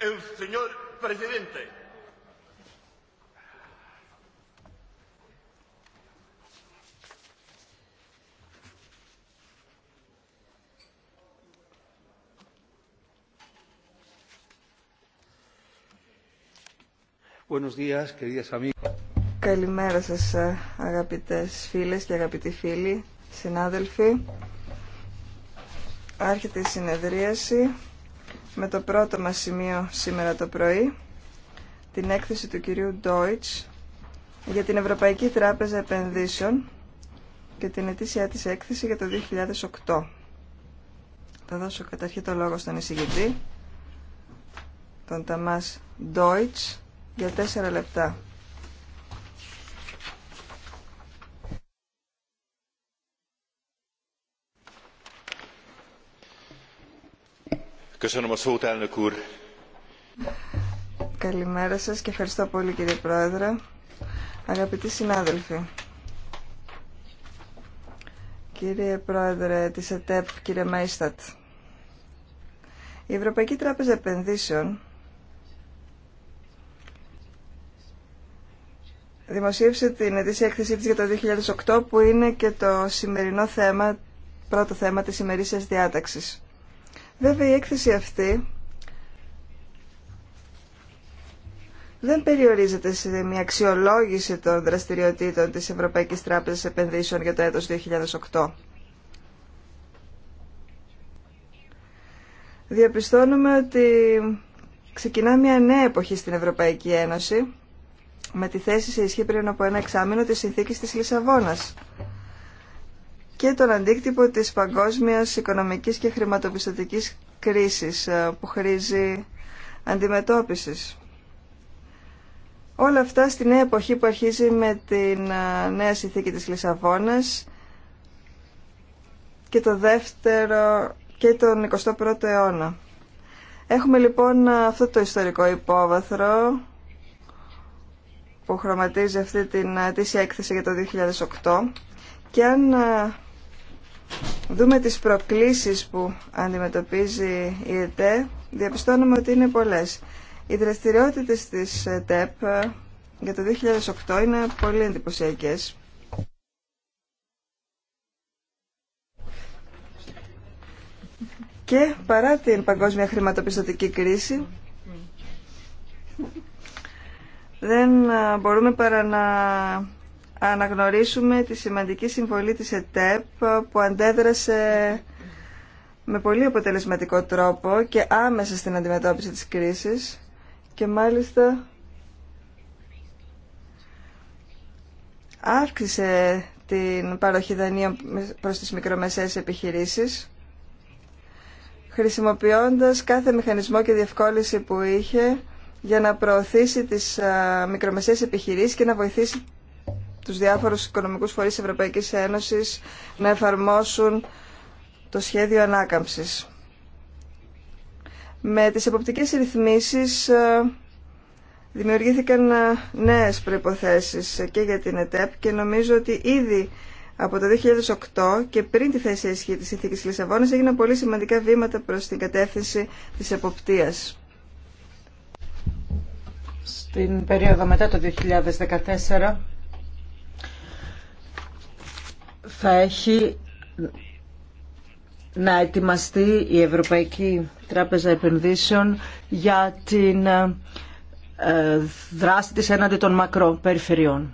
el señor presidente. Buenos días, queridas amigas. Καλημέρα σας ε, αγαπητές φίλες και αγαπητοί φίλοι, συνάδελφοι. Άρχεται η συνεδρίαση με το πρώτο μας σημείο σήμερα το πρωί, την έκθεση του κυρίου Deutsch για την Ευρωπαϊκή Τράπεζα Επενδύσεων και την ετήσια της έκθεση για το 2008. Θα δώσω καταρχήν το λόγο στον εισηγητή, τον Ταμάς Deutsch για τέσσερα λεπτά. Καλημέρα σας και ευχαριστώ πολύ κύριε Πρόεδρε. Αγαπητοί συνάδελφοι, κύριε Πρόεδρε της ΕΤΕΠ, κύριε Μαϊστατ, η Ευρωπαϊκή Τράπεζα Επενδύσεων δημοσίευσε την ετήσια έκθεσή της για το 2008 που είναι και το σημερινό θέμα, πρώτο θέμα της ημερήσιας διάταξης. Βέβαια η έκθεση αυτή δεν περιορίζεται σε μια αξιολόγηση των δραστηριοτήτων της Ευρωπαϊκής Τράπεζας Επενδύσεων για το έτος 2008. Διαπιστώνουμε ότι ξεκινά μια νέα εποχή στην Ευρωπαϊκή Ένωση με τη θέση σε ισχύ πριν από ένα εξάμεινο της συνθήκης της Λισαβόνας και τον αντίκτυπο της παγκόσμιας οικονομικής και χρηματοπιστωτικής κρίσης ε, που χρήζει αντιμετώπισης. Όλα αυτά στη νέα εποχή που αρχίζει με την ε, νέα συνθήκη της Λισαβόνας και το δεύτερο και τον 21ο αιώνα. Έχουμε λοιπόν ε, αυτό το ιστορικό υπόβαθρο που χρωματίζει αυτή την αιτήσια έκθεση για το 2008 και αν δούμε τις προκλήσεις που αντιμετωπίζει η ΕΤΕ, διαπιστώνουμε ότι είναι πολλές. Οι δραστηριότητες της Τ.Ε.Π. Ε, για το 2008 είναι πολύ εντυπωσιακέ. Και παρά την παγκόσμια χρηματοπιστωτική κρίση, δεν ε, μπορούμε παρά να αναγνωρίσουμε τη σημαντική συμβολή της ΕΤΕΠ που αντέδρασε με πολύ αποτελεσματικό τρόπο και άμεσα στην αντιμετώπιση της κρίσης και μάλιστα αύξησε την παροχή δανείων προς τις μικρομεσαίες επιχειρήσεις χρησιμοποιώντας κάθε μηχανισμό και διευκόλυνση που είχε για να προωθήσει τις μικρομεσαίες επιχειρήσεις και να βοηθήσει τους διάφορους οικονομικούς φορείς της Ευρωπαϊκής Ένωσης να εφαρμόσουν το σχέδιο ανάκαμψης. Με τις εποπτικές ρυθμίσεις ε, δημιουργήθηκαν ε, νέες προϋποθέσεις και για την ΕΤΕΠ και νομίζω ότι ήδη από το 2008 και πριν τη θέση ισχύ της Ηθίκης Λισαβόνας έγιναν πολύ σημαντικά βήματα προς την κατεύθυνση της εποπτείας. Στην περίοδο μετά το 2014 θα έχει να ετοιμαστεί η Ευρωπαϊκή Τράπεζα Επενδύσεων για την ε, δράση της έναντι των μακροπεριφερειών.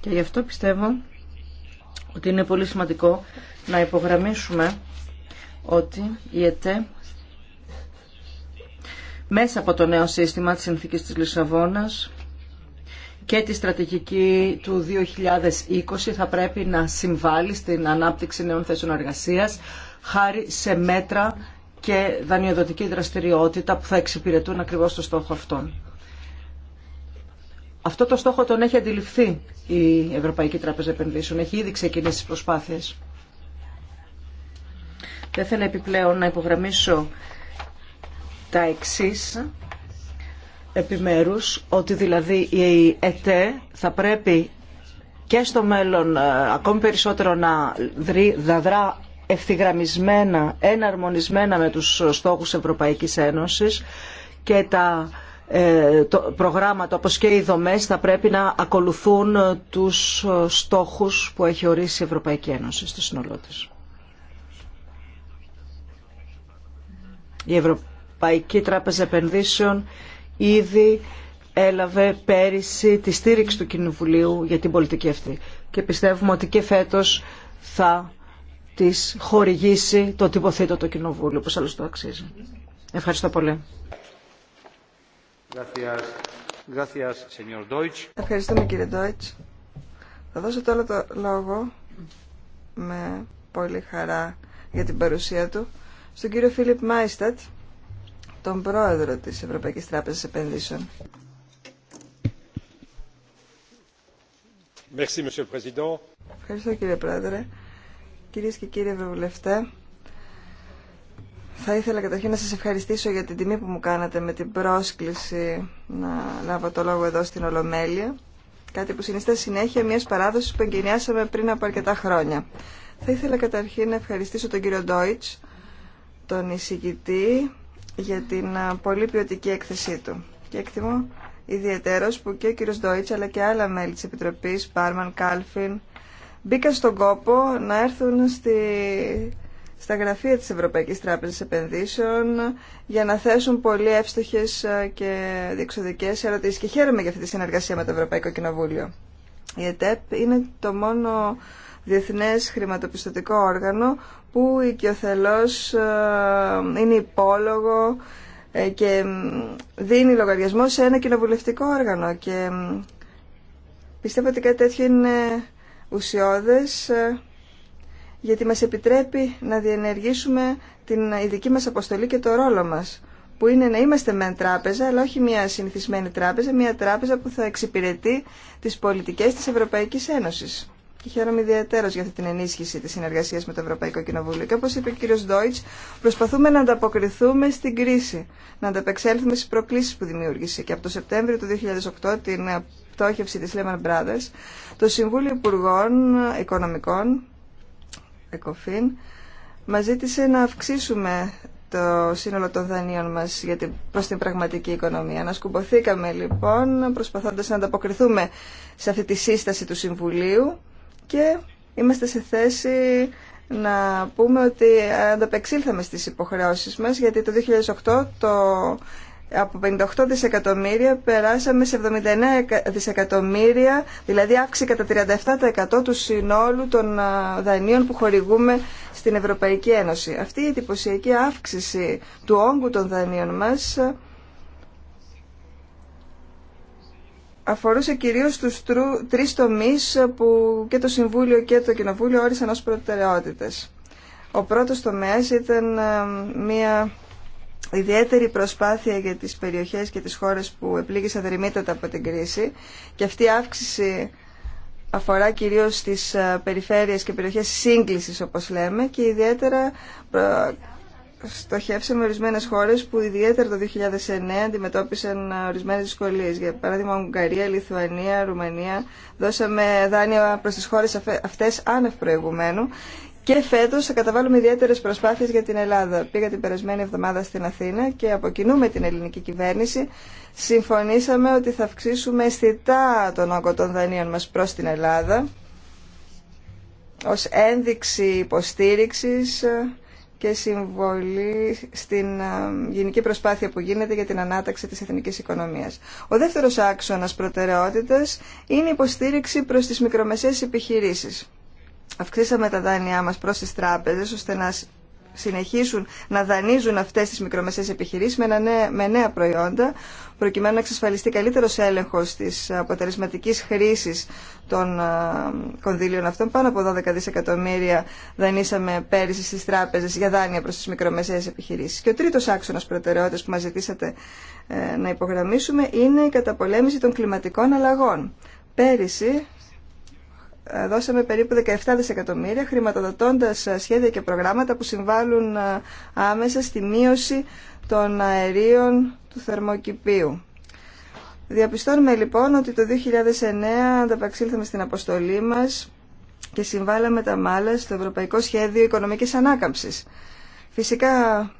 Και γι' αυτό πιστεύω ότι είναι πολύ σημαντικό να υπογραμμίσουμε ότι η ΕΤΕ μέσα από το νέο σύστημα της συνθήκης της Λισαβόνας και τη στρατηγική του 2020 θα πρέπει να συμβάλλει στην ανάπτυξη νέων θέσεων εργασίας χάρη σε μέτρα και δανειοδοτική δραστηριότητα που θα εξυπηρετούν ακριβώς το στόχο αυτόν. Αυτό το στόχο τον έχει αντιληφθεί η Ευρωπαϊκή Τράπεζα Επενδύσεων. Έχει ήδη ξεκινήσει τις προσπάθειες. Δεν θέλω επιπλέον να υπογραμμίσω τα εξής επιμέρους ότι δηλαδή η ΕΤΕ θα πρέπει και στο μέλλον ε, ακόμη περισσότερο να δαδρά ευθυγραμμισμένα, εναρμονισμένα με τους στόχους Ευρωπαϊκής Ένωσης και τα ε, το προγράμματα όπως και οι δομές θα πρέπει να ακολουθούν ε, τους στόχους που έχει ορίσει η Ευρωπαϊκή Ένωση στο σύνολό τη. Η Ευρωπαϊκή Τράπεζα Επενδύσεων ήδη έλαβε πέρυσι τη στήριξη του Κοινοβουλίου για την πολιτική αυτή. Και πιστεύουμε ότι και φέτος θα της χορηγήσει το τυποθήτο το Κοινοβούλιο, όπως άλλως το αξίζει. Ευχαριστώ πολύ. Ευχαριστούμε κύριε Ντόιτς. Θα δώσω τώρα το λόγο με πολύ χαρά για την παρουσία του στον κύριο Φίλιπ Μάιστατ τον πρόεδρο της Ευρωπαϊκής Τράπεζας Επενδύσεων. Merci, Ευχαριστώ κύριε Πρόεδρε. Κυρίες και κύριοι Ευρωβουλευτέ, θα ήθελα καταρχήν να σας ευχαριστήσω για την τιμή που μου κάνατε με την πρόσκληση να λάβω το λόγο εδώ στην Ολομέλεια. Κάτι που συνιστά συνέχεια μιας παράδοσης που εγκαινιάσαμε πριν από αρκετά χρόνια. Θα ήθελα καταρχήν να ευχαριστήσω τον κύριο Ντόιτς, τον εισηγητή για την πολύ ποιοτική έκθεσή του. Και εκτιμώ ιδιαίτερο που και ο κύριος Ντόιτς αλλά και άλλα μέλη της Επιτροπής, Πάρμαν, Κάλφιν, μπήκαν στον κόπο να έρθουν στη... στα γραφεία της Ευρωπαϊκής Τράπεζας Επενδύσεων για να θέσουν πολύ εύστοχες και διεξοδικές ερωτήσεις. Και χαίρομαι για αυτή τη συνεργασία με το Ευρωπαϊκό Κοινοβούλιο. Η ΕΤΕΠ είναι το μόνο διεθνές χρηματοπιστωτικό όργανο που οικειοθελώς ε, είναι υπόλογο ε, και δίνει λογαριασμό σε ένα κοινοβουλευτικό όργανο και πιστεύω ότι κάτι τέτοιο είναι ουσιώδες ε, γιατί μας επιτρέπει να διενεργήσουμε την ειδική μας αποστολή και το ρόλο μας που είναι να είμαστε μεν τράπεζα, αλλά όχι μια συνηθισμένη τράπεζα, μια τράπεζα που θα εξυπηρετεί τις πολιτικές της Ευρωπαϊκής Ένωσης και χαίρομαι ιδιαίτερα για αυτή την ενίσχυση τη συνεργασία με το Ευρωπαϊκό Κοινοβούλιο. Και όπω είπε ο κύριο Ντόιτ, προσπαθούμε να ανταποκριθούμε στην κρίση, να ανταπεξέλθουμε στι προκλήσει που δημιούργησε. Και από το Σεπτέμβριο του 2008, την πτώχευση τη Lehman Brothers, το Συμβούλιο Υπουργών Οικονομικών, ΕΚΟΦΗΝ, μα ζήτησε να αυξήσουμε το σύνολο των δανείων μα προ την, πραγματική οικονομία. Ανασκουμποθήκαμε λοιπόν προσπαθώντα να ανταποκριθούμε σε αυτή τη σύσταση του Συμβουλίου και είμαστε σε θέση να πούμε ότι ανταπεξήλθαμε στις υποχρεώσεις μας γιατί το 2008 το, από 58 δισεκατομμύρια περάσαμε σε 79 δισεκατομμύρια δηλαδή αύξηση κατά 37% του συνόλου των δανείων που χορηγούμε στην Ευρωπαϊκή Ένωση. Αυτή η εντυπωσιακή αύξηση του όγκου των δανείων μας αφορούσε κυρίως τους τρου, τρεις που και το Συμβούλιο και το Κοινοβούλιο όρισαν ως προτεραιότητες. Ο πρώτος τομέας ήταν ε, μια ιδιαίτερη προσπάθεια για τις περιοχές και τις χώρες που επλήγησαν δρυμύτατα από την κρίση και αυτή η αύξηση αφορά κυρίως τις ε, περιφέρειες και περιοχές σύγκλησης όπως λέμε και ιδιαίτερα στοχεύσαμε ορισμένες χώρες που ιδιαίτερα το 2009 αντιμετώπισαν ε, ορισμένες δυσκολίες. Για παράδειγμα, Ουγγαρία, Λιθουανία, Ρουμανία. Δώσαμε δάνεια προς τις χώρες αυτές άνευ προηγουμένου. Και φέτος θα καταβάλουμε ιδιαίτερες προσπάθειες για την Ελλάδα. Πήγα την περασμένη εβδομάδα στην Αθήνα και από κοινού με την ελληνική κυβέρνηση συμφωνήσαμε ότι θα αυξήσουμε αισθητά τον όγκο των δανείων μας προς την Ελλάδα ως ένδειξη υποστήριξης ε, και συμβολή στην ε, γενική προσπάθεια που γίνεται για την ανάταξη της εθνικής οικονομίας. Ο δεύτερος άξονας προτεραιότητας είναι η υποστήριξη προς τις μικρομεσαίες επιχειρήσεις. Αυξήσαμε τα δάνειά μας προς τις τράπεζες ώστε να συνεχίσουν να δανείζουν αυτές τις μικρομεσαίες επιχειρήσεις με, νέα, με νέα προϊόντα προκειμένου να εξασφαλιστεί καλύτερος έλεγχος της αποτελεσματικής χρήσης των κονδύλιων αυτών. Πάνω από 12 δισεκατομμύρια δανείσαμε πέρυσι στις τράπεζες για δάνεια προς τις μικρομεσαίες επιχειρήσεις. Και ο τρίτος άξονας προτεραιότητας που μας ζητήσατε ε, να υπογραμμίσουμε είναι η καταπολέμηση των κλιματικών αλλαγών. Πέρυσι ε, δώσαμε περίπου 17 δισεκατομμύρια χρηματοδοτώντας ε, σχέδια και προγράμματα που συμβάλλουν ε, άμεσα στη μείωση των αερίων του θερμοκηπίου. Διαπιστώνουμε λοιπόν ότι το 2009 ανταπαξήλθαμε στην αποστολή μας και συμβάλαμε τα μάλα στο Ευρωπαϊκό Σχέδιο Οικονομικής Ανάκαμψης. Φυσικά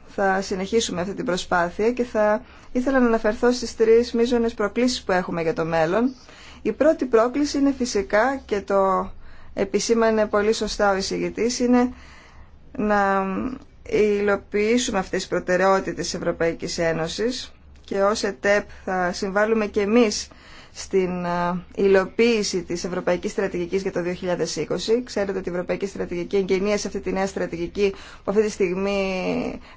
θα συνεχίσουμε αυτή την προσπάθεια και θα ήθελα να αναφερθώ στις τρεις μείζονες προκλήσεις που έχουμε για το μέλλον. Η πρώτη πρόκληση είναι φυσικά και το επισήμανε πολύ σωστά ο εισηγητής είναι να υλοποιήσουμε αυτές τις προτεραιότητες της Ευρωπαϊκής Ένωσης και ως ΕΤΕΠ θα συμβάλλουμε και εμείς στην ε, υλοποίηση της Ευρωπαϊκής Στρατηγικής για το 2020. Ξέρετε ότι η Ευρωπαϊκή Στρατηγική εγκαινίασε αυτή τη νέα στρατηγική που αυτή τη στιγμή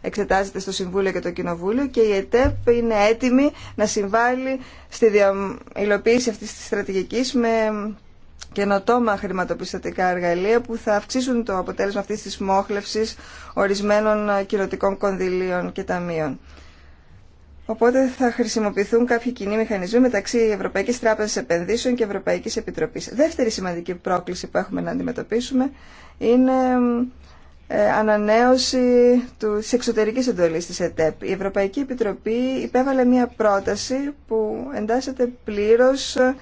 εξετάζεται στο Συμβούλιο και το Κοινοβούλιο και η ΕΤΕΠ είναι έτοιμη να συμβάλλει στη υλοποίηση αυτής της στρατηγικής με καινοτόμα χρηματοπιστωτικά εργαλεία που θα αυξήσουν το αποτέλεσμα αυτής της μόχλευσης ορισμένων ε, κοινοτικών κονδυλίων και ταμείων. Οπότε θα χρησιμοποιηθούν κάποιοι κοινοί μηχανισμοί μεταξύ Ευρωπαϊκής Τράπεζας Επενδύσεων και Ευρωπαϊκής Επιτροπής. Δεύτερη σημαντική πρόκληση που έχουμε να αντιμετωπίσουμε είναι ε, ανανέωση της εξωτερικής εντολής της ΕΤΕΠ. Η Ευρωπαϊκή Επιτροπή υπέβαλε μια πρόταση που εντάσσεται πλήρως ε,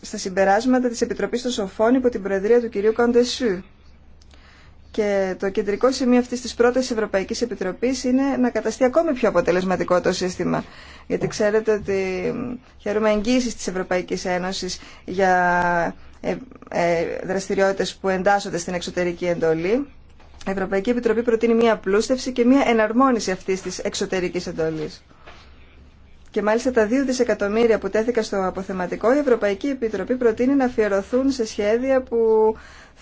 στα συμπεράσματα της Επιτροπής των Σοφών υπό την Προεδρία του κυρίου Κοντεσού. Και το κεντρικό σημείο αυτής της πρώτης Ευρωπαϊκής Επιτροπής είναι να καταστεί ακόμη πιο αποτελεσματικό το σύστημα. Γιατί ξέρετε ότι χαίρομαι εγγύησης της Ευρωπαϊκής Ένωσης για ε, ε, δραστηριότητες που εντάσσονται στην εξωτερική εντολή. Η Ευρωπαϊκή Επιτροπή προτείνει μια πλούστευση και μια εναρμόνιση αυτής της εξωτερικής εντολής. Και μάλιστα τα 2 δισεκατομμύρια που τέθηκα στο αποθεματικό, η Ευρωπαϊκή Επιτροπή προτείνει να αφιερωθούν σε σχέδια που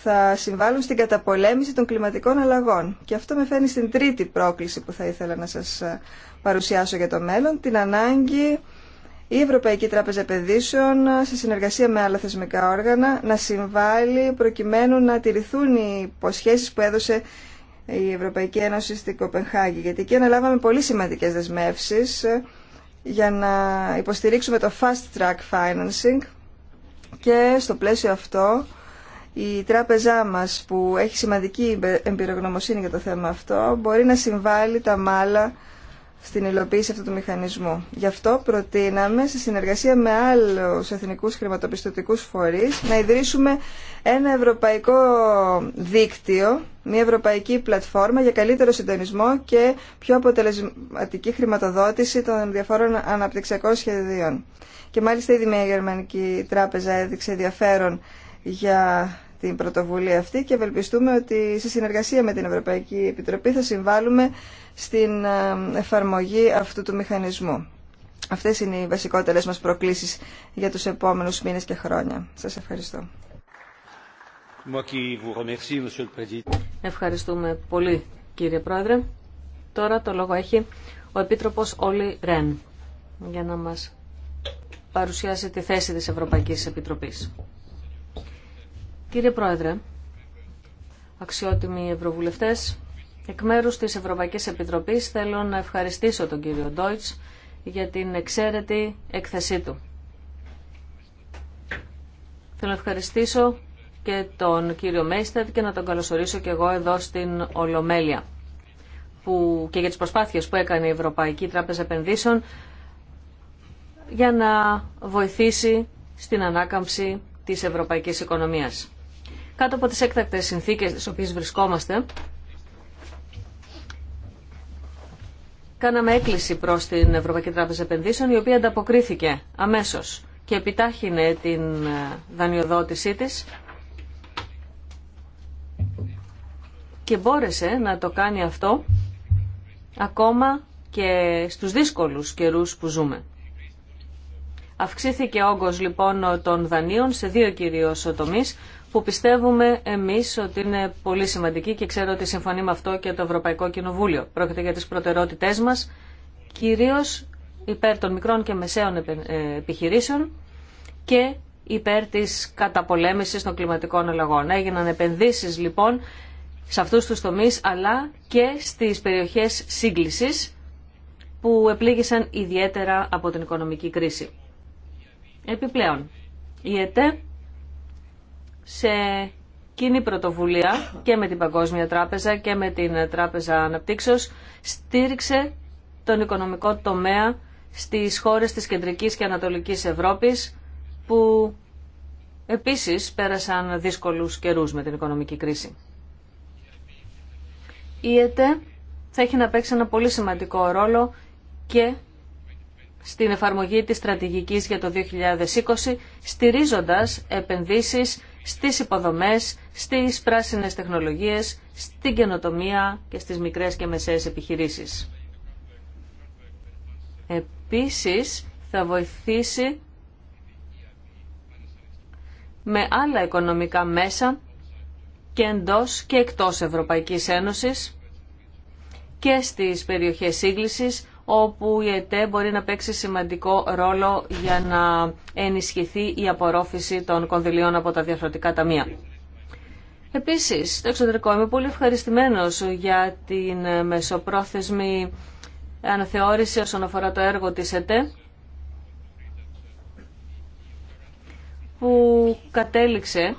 θα συμβάλλουν στην καταπολέμηση των κλιματικών αλλαγών. Και αυτό με φέρνει στην τρίτη πρόκληση που θα ήθελα να σας ε, παρουσιάσω για το μέλλον, την ανάγκη η Ευρωπαϊκή Τράπεζα Επενδύσεων ε, σε συνεργασία με άλλα θεσμικά όργανα να συμβάλλει προκειμένου να τηρηθούν οι υποσχέσεις που έδωσε η Ευρωπαϊκή Ένωση στην Κοπενχάγη. Γιατί εκεί αναλάβαμε πολύ σημαντικές δεσμεύσεις ε, για να υποστηρίξουμε το Fast Track Financing και στο πλαίσιο αυτό η τράπεζά μας που έχει σημαντική εμπειρογνωμοσύνη για το θέμα αυτό μπορεί να συμβάλλει τα μάλα στην υλοποίηση αυτού του μηχανισμού. Γι' αυτό προτείναμε σε συνεργασία με άλλους εθνικούς χρηματοπιστωτικούς φορείς να ιδρύσουμε ένα ευρωπαϊκό δίκτυο, μια ευρωπαϊκή πλατφόρμα για καλύτερο συντονισμό και πιο αποτελεσματική χρηματοδότηση των διαφόρων αναπτυξιακών σχεδίων. Και μάλιστα ήδη μια γερμανική τράπεζα έδειξε ενδιαφέρον για την πρωτοβουλία αυτή και ευελπιστούμε ότι σε συνεργασία με την Ευρωπαϊκή Επιτροπή θα συμβάλλουμε στην ε, εφαρμογή αυτού του μηχανισμού. Αυτές είναι οι βασικότερες μας προκλήσεις για τους επόμενους μήνες και χρόνια. Σας ευχαριστώ. Ευχαριστούμε πολύ κύριε Πρόεδρε. Τώρα το λόγο έχει ο Επίτροπος Όλη Ρεν για να μας παρουσιάσει τη θέση της Ευρωπαϊκής Επιτροπής. Κύριε Πρόεδρε, αξιότιμοι ευρωβουλευτές, εκ μέρους της Ευρωπαϊκής Επιτροπής θέλω να ευχαριστήσω τον κύριο Ντόιτς για την εξαίρετη έκθεσή του. Θέλω να ευχαριστήσω και τον κύριο Μέιστερ και να τον καλωσορίσω και εγώ εδώ στην Ολομέλεια που και για τις προσπάθειες που έκανε η Ευρωπαϊκή Τράπεζα Επενδύσεων για να βοηθήσει στην ανάκαμψη της ευρωπαϊκής οικονομίας κάτω από τις έκτακτες συνθήκες στις οποίες βρισκόμαστε, κάναμε έκκληση προς την Ευρωπαϊκή Τράπεζα Επενδύσεων, η οποία ανταποκρίθηκε αμέσως και επιτάχυνε την ε, δανειοδότησή της και μπόρεσε να το κάνει αυτό ακόμα και στους δύσκολους καιρούς που ζούμε. Αυξήθηκε ο όγκος λοιπόν των δανείων σε δύο κυρίως τομείς που πιστεύουμε εμείς ότι είναι πολύ σημαντική και ξέρω ότι συμφωνεί με αυτό και το Ευρωπαϊκό Κοινοβούλιο. Πρόκειται για τις προτεραιότητές μας, κυρίως υπέρ των μικρών και μεσαίων ε, επιχειρήσεων και υπέρ τη καταπολέμησης των κλιματικών αλλαγών. Έγιναν επενδύσεις λοιπόν σε αυτούς τους τομεί, αλλά και στι περιοχές σύγκληση που επλήγησαν ιδιαίτερα από την οικονομική κρίση. Επιπλέον, η ΕΤΕ σε κοινή πρωτοβουλία και με την Παγκόσμια Τράπεζα και με την Τράπεζα Αναπτύξεως στήριξε τον οικονομικό τομέα στις χώρες της Κεντρικής και Ανατολικής Ευρώπης που επίσης πέρασαν δύσκολους καιρούς με την οικονομική κρίση. Η ΕΤΕ θα έχει να παίξει ένα πολύ σημαντικό ρόλο και στην εφαρμογή της στρατηγικής για το 2020, στηρίζοντας επενδύσεις στις υποδομές, στις πράσινες τεχνολογίες, στην καινοτομία και στις μικρές και μεσαίες επιχειρήσεις. Επίσης, θα βοηθήσει με άλλα οικονομικά μέσα και εντός και εκτός Ευρωπαϊκής Ένωσης και στις περιοχές σύγκλησης όπου η ΕΤΕ μπορεί να παίξει σημαντικό ρόλο για να ενισχυθεί η απορρόφηση των κονδυλίων από τα διαφορετικά ταμεία. Επίσης, στο εξωτερικό είμαι πολύ ευχαριστημένος για την μεσοπρόθεσμη αναθεώρηση όσον αφορά το έργο της ΕΤΕ που κατέληξε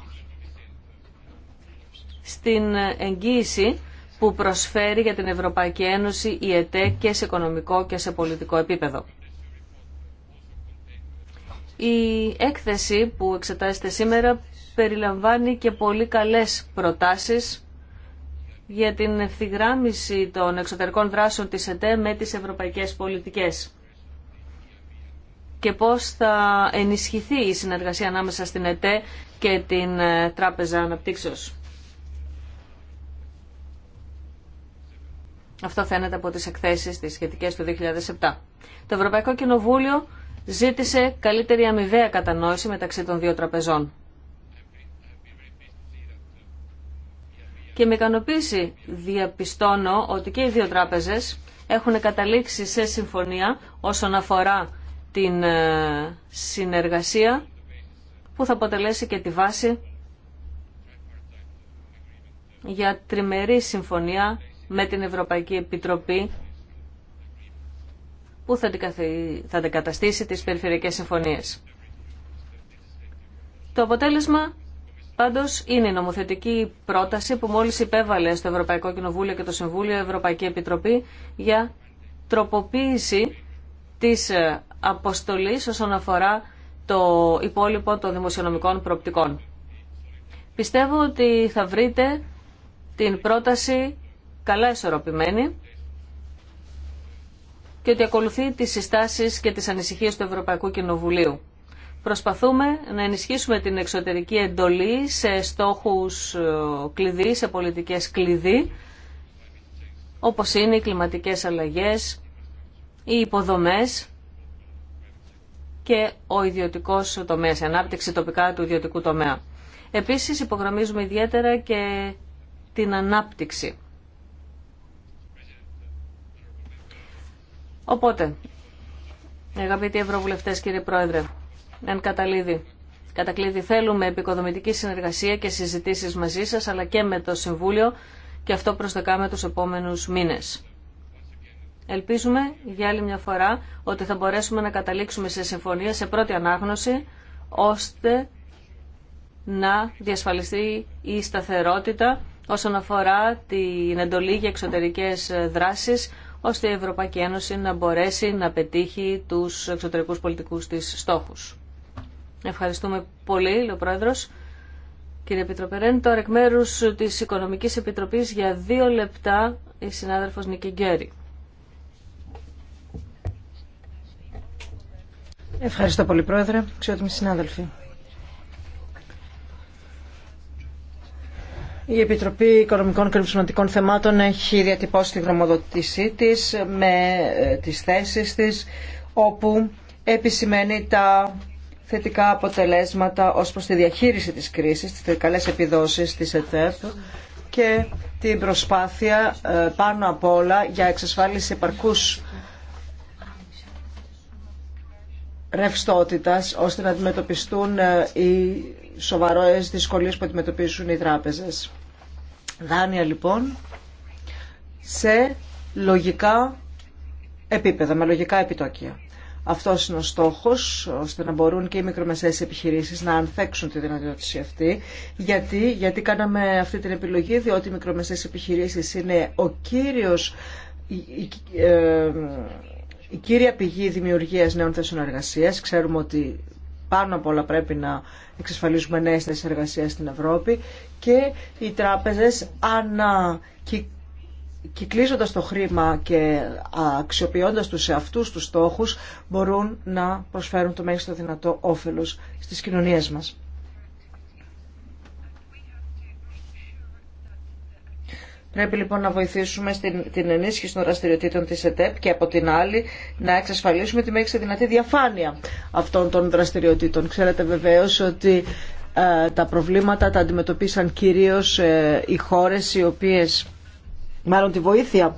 στην εγγύηση που προσφέρει για την Ευρωπαϊκή Ένωση η ΕΤΕ και σε οικονομικό και σε πολιτικό επίπεδο. Η έκθεση που εξετάζεται σήμερα περιλαμβάνει και πολύ καλές προτάσεις για την ευθυγράμμιση των εξωτερικών δράσεων της ΕΤΕ με τις ευρωπαϊκές πολιτικές και πώς θα ενισχυθεί η συνεργασία ανάμεσα στην ΕΤΕ και την Τράπεζα Αναπτύξεως. Αυτό φαίνεται από τις εκθέσεις τις σχετικές του 2007. Το Ευρωπαϊκό Κοινοβούλιο ζήτησε καλύτερη αμοιβαία κατανόηση μεταξύ των δύο τραπεζών. Και με ικανοποίηση διαπιστώνω ότι και οι δύο τράπεζες έχουν καταλήξει σε συμφωνία όσον αφορά την ε, συνεργασία που θα αποτελέσει και τη βάση για τριμερή συμφωνία με την Ευρωπαϊκή Επιτροπή που θα, θα αντικαταστήσει τις περιφερειακές συμφωνίες. Το αποτέλεσμα πάντως είναι η νομοθετική πρόταση που μόλις υπέβαλε στο Ευρωπαϊκό Κοινοβούλιο και το Συμβούλιο Ευρωπαϊκή Επιτροπή για τροποποίηση της ε, αποστολής όσον αφορά το υπόλοιπο των δημοσιονομικών προοπτικών. Πιστεύω ότι θα βρείτε την πρόταση καλά ισορροπημένη και ότι ακολουθεί τις συστάσεις και τις ανησυχίες του Ευρωπαϊκού Κοινοβουλίου. Προσπαθούμε να ενισχύσουμε την εξωτερική εντολή σε στόχους ε, κλειδί, σε πολιτικές κλειδί, όπως είναι οι κλιματικές αλλαγές, οι υποδομές και ο ιδιωτικός τομέας, η ανάπτυξη τοπικά του ιδιωτικού τομέα. Επίσης υπογραμμίζουμε ιδιαίτερα και την ανάπτυξη Οπότε, αγαπητοί Ευρωβουλευτές, κύριε Πρόεδρε, εν καταλήδη, Κατακλείδη θέλουμε επικοδομητική συνεργασία και συζητήσεις μαζί σας, αλλά και με το Συμβούλιο και αυτό προσδοκάμε τους επόμενου μήνες. Ελπίζουμε για άλλη μια φορά ότι θα μπορέσουμε να καταλήξουμε σε συμφωνία σε πρώτη ανάγνωση, ώστε να διασφαλιστεί η σταθερότητα όσον αφορά την εντολή για εξωτερικές δράσεις ώστε η Ευρωπαϊκή Ένωση να μπορέσει να πετύχει τους εξωτερικούς πολιτικούς της στόχους. Ευχαριστούμε πολύ, λέει ο Πρόεδρος. Κύριε Επιτροπερέν, τώρα εκ μέρου τη Οικονομική Επιτροπή για δύο λεπτά η συνάδελφο Νίκη Γκέρι. Ευχαριστώ πολύ, Πρόεδρε. είμαι συνάδελφοι. Η Επιτροπή Οικονομικών και Ρυθμιστικών Θεμάτων έχει διατυπώσει τη γνωμοδότησή της με ε, τις θέσεις της, όπου επισημαίνει τα θετικά αποτελέσματα ως προς τη διαχείριση της κρίσης, τις καλές επιδόσεις της ΕΤΕΠ και την προσπάθεια ε, πάνω απ' όλα για εξασφάλιση επαρκούς ρευστότητας ώστε να αντιμετωπιστούν ε, οι σοβαρές δυσκολίες που αντιμετωπίζουν οι τράπεζες. Δάνεια λοιπόν σε λογικά επίπεδα, με λογικά επιτόκια. Αυτό είναι ο στόχο, ώστε να μπορούν και οι μικρομεσαίε επιχειρήσει να ανθέξουν τη δυνατότητα αυτή. Γιατί, γιατί κάναμε αυτή την επιλογή, διότι οι μικρομεσαίε επιχειρήσει είναι ο κύριος, η, η, ε, κύρια πηγή δημιουργία νέων θέσεων εργασία. Ξέρουμε ότι πάνω απ' όλα πρέπει να εξασφαλίζουμε νέες θέσεις εργασίας στην Ευρώπη και οι τράπεζες ανα το χρήμα και αξιοποιώντας τους σε αυτούς τους στόχους μπορούν να προσφέρουν το μέγιστο δυνατό όφελος στις κοινωνίες μας. Πρέπει λοιπόν να βοηθήσουμε στην, την ενίσχυση των δραστηριοτήτων της ΕΤΕΠ και από την άλλη να εξασφαλίσουμε τη μέγιστη δυνατή διαφάνεια αυτών των δραστηριοτήτων. Ξέρετε βεβαίως ότι ε, τα προβλήματα τα αντιμετωπίσαν κυρίως ε, οι χώρες οι οποίες μάλλον τη βοήθεια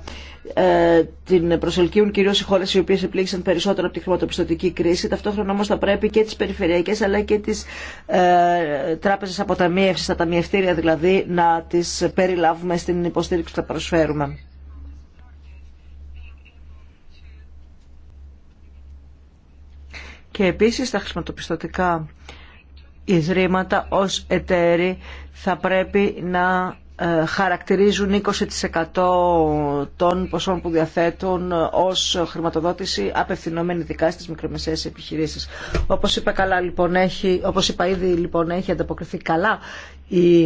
ε, την προσελκύουν κυρίω οι χώρε οι οποίε επλήγησαν περισσότερο από τη χρηματοπιστωτική κρίση. Ταυτόχρονα όμω θα πρέπει και τι περιφερειακέ αλλά και τι ε, τράπεζε αποταμίευση, τα ταμιευτήρια δηλαδή, να τι περιλάβουμε στην υποστήριξη που θα προσφέρουμε. Και επίσης τα χρηματοπιστωτικά ιδρύματα ως εταίροι θα πρέπει να χαρακτηρίζουν 20% των ποσών που διαθέτουν ως χρηματοδότηση απευθυνόμενη ειδικά στις μικρομεσαίες επιχειρήσεις. Όπως είπα, καλά, λοιπόν, έχει, όπως είπα ήδη λοιπόν έχει ανταποκριθεί καλά η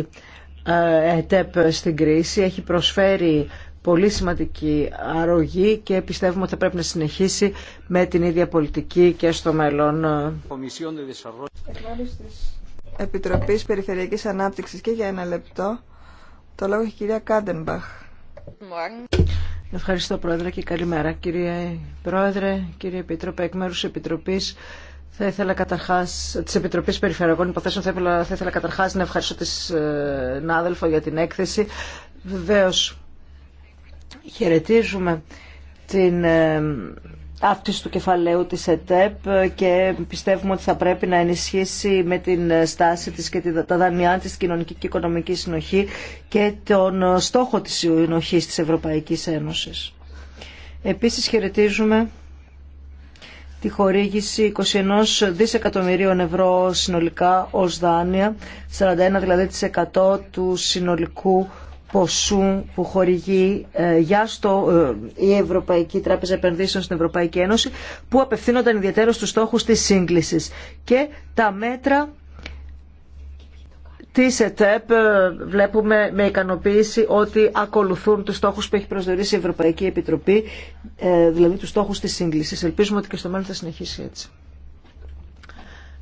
ε, ΕΤΕΠ στην κρίση, έχει προσφέρει πολύ σημαντική αρρωγή και πιστεύουμε ότι θα πρέπει να συνεχίσει με την ίδια πολιτική και στο μέλλον. Επιτροπής Περιφερειακής Ανάπτυξης και για ένα λεπτό. Το λόγο έχει η κυρία Κάντενμπαχ. Ευχαριστώ Πρόεδρε και καλημέρα. Κύριε Πρόεδρε, κύριε Επίτροπε, εκ μέρους τη Επιτροπής θα Περιφερειακών Υποθέσεων, θα ήθελα, θα καταρχάς να ευχαριστώ ε, τη συνάδελφο για την έκθεση. Βεβαίω χαιρετίζουμε την ε, αύξηση του κεφαλαίου της ΕΤΕΠ και πιστεύουμε ότι θα πρέπει να ενισχύσει με την στάση της και τα δανειά της κοινωνική και οικονομική συνοχή και τον στόχο της συνοχής της Ευρωπαϊκής Ένωσης. Επίσης χαιρετίζουμε τη χορήγηση 21 δισεκατομμυρίων ευρώ συνολικά ως δάνεια, 41 δηλαδή του συνολικού ποσού που χορηγεί ε, για στο, ε, η Ευρωπαϊκή Τράπεζα Επενδύσεων στην Ευρωπαϊκή Ένωση που απευθύνονταν ιδιαίτερα στους στόχους της σύγκλησης και τα μέτρα της ΕΤΕΠ ε, βλέπουμε με ικανοποίηση ότι ακολουθούν τους στόχους που έχει προσδιορίσει η Ευρωπαϊκή Επιτροπή, δηλαδή τους στόχους της σύγκλησης. Ελπίζουμε ότι και στο μέλλον θα συνεχίσει έτσι.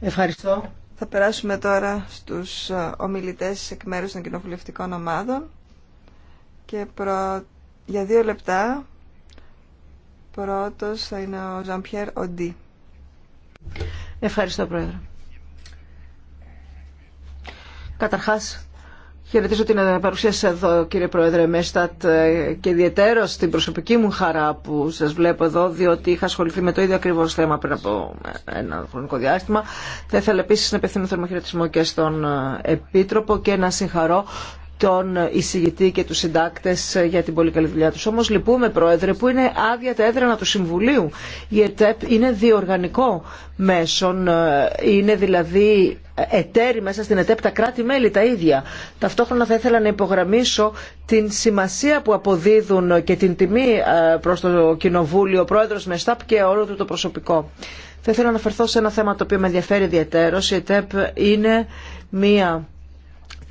Ευχαριστώ. Θα περάσουμε τώρα στους ομιλητές εκ μέρους των κοινοβουλευτικών ομάδων. Και για δύο λεπτά πρώτος θα είναι ο Ζαμπιέρ Οντί. Ευχαριστώ Πρόεδρε. Καταρχάς, Χαιρετίζω την παρουσία σας εδώ κύριε Πρόεδρε Μέστατ και ιδιαίτερο στην προσωπική μου χαρά που σας βλέπω εδώ διότι είχα ασχοληθεί με το ίδιο ακριβώς θέμα πριν από ένα χρονικό διάστημα. Θα ήθελα επίσης να πεθύνω θερμοχαιρετισμό και στον ε, Επίτροπο και να συγχαρώ τον εισηγητή και του συντάκτε ε, για την πολύ καλή δουλειά του. Όμως λυπούμε, Πρόεδρε, που είναι άδεια τα έδρανα του Συμβουλίου. Η ΕΤΕΠ είναι διοργανικό μέσον, ε, είναι δηλαδή εταίροι μέσα στην ΕΤΕΠ τα κράτη-μέλη τα ίδια. Ταυτόχρονα θα ήθελα να υπογραμμίσω την σημασία που αποδίδουν και την τιμή ε, προ το Κοινοβούλιο, ο πρόεδρο Μεστάπ και όλο του το προσωπικό. Θα ήθελα να αναφερθώ σε ένα θέμα το οποίο με ενδιαφέρει ιδιαίτερο. Η ΕΤΕΠ είναι μία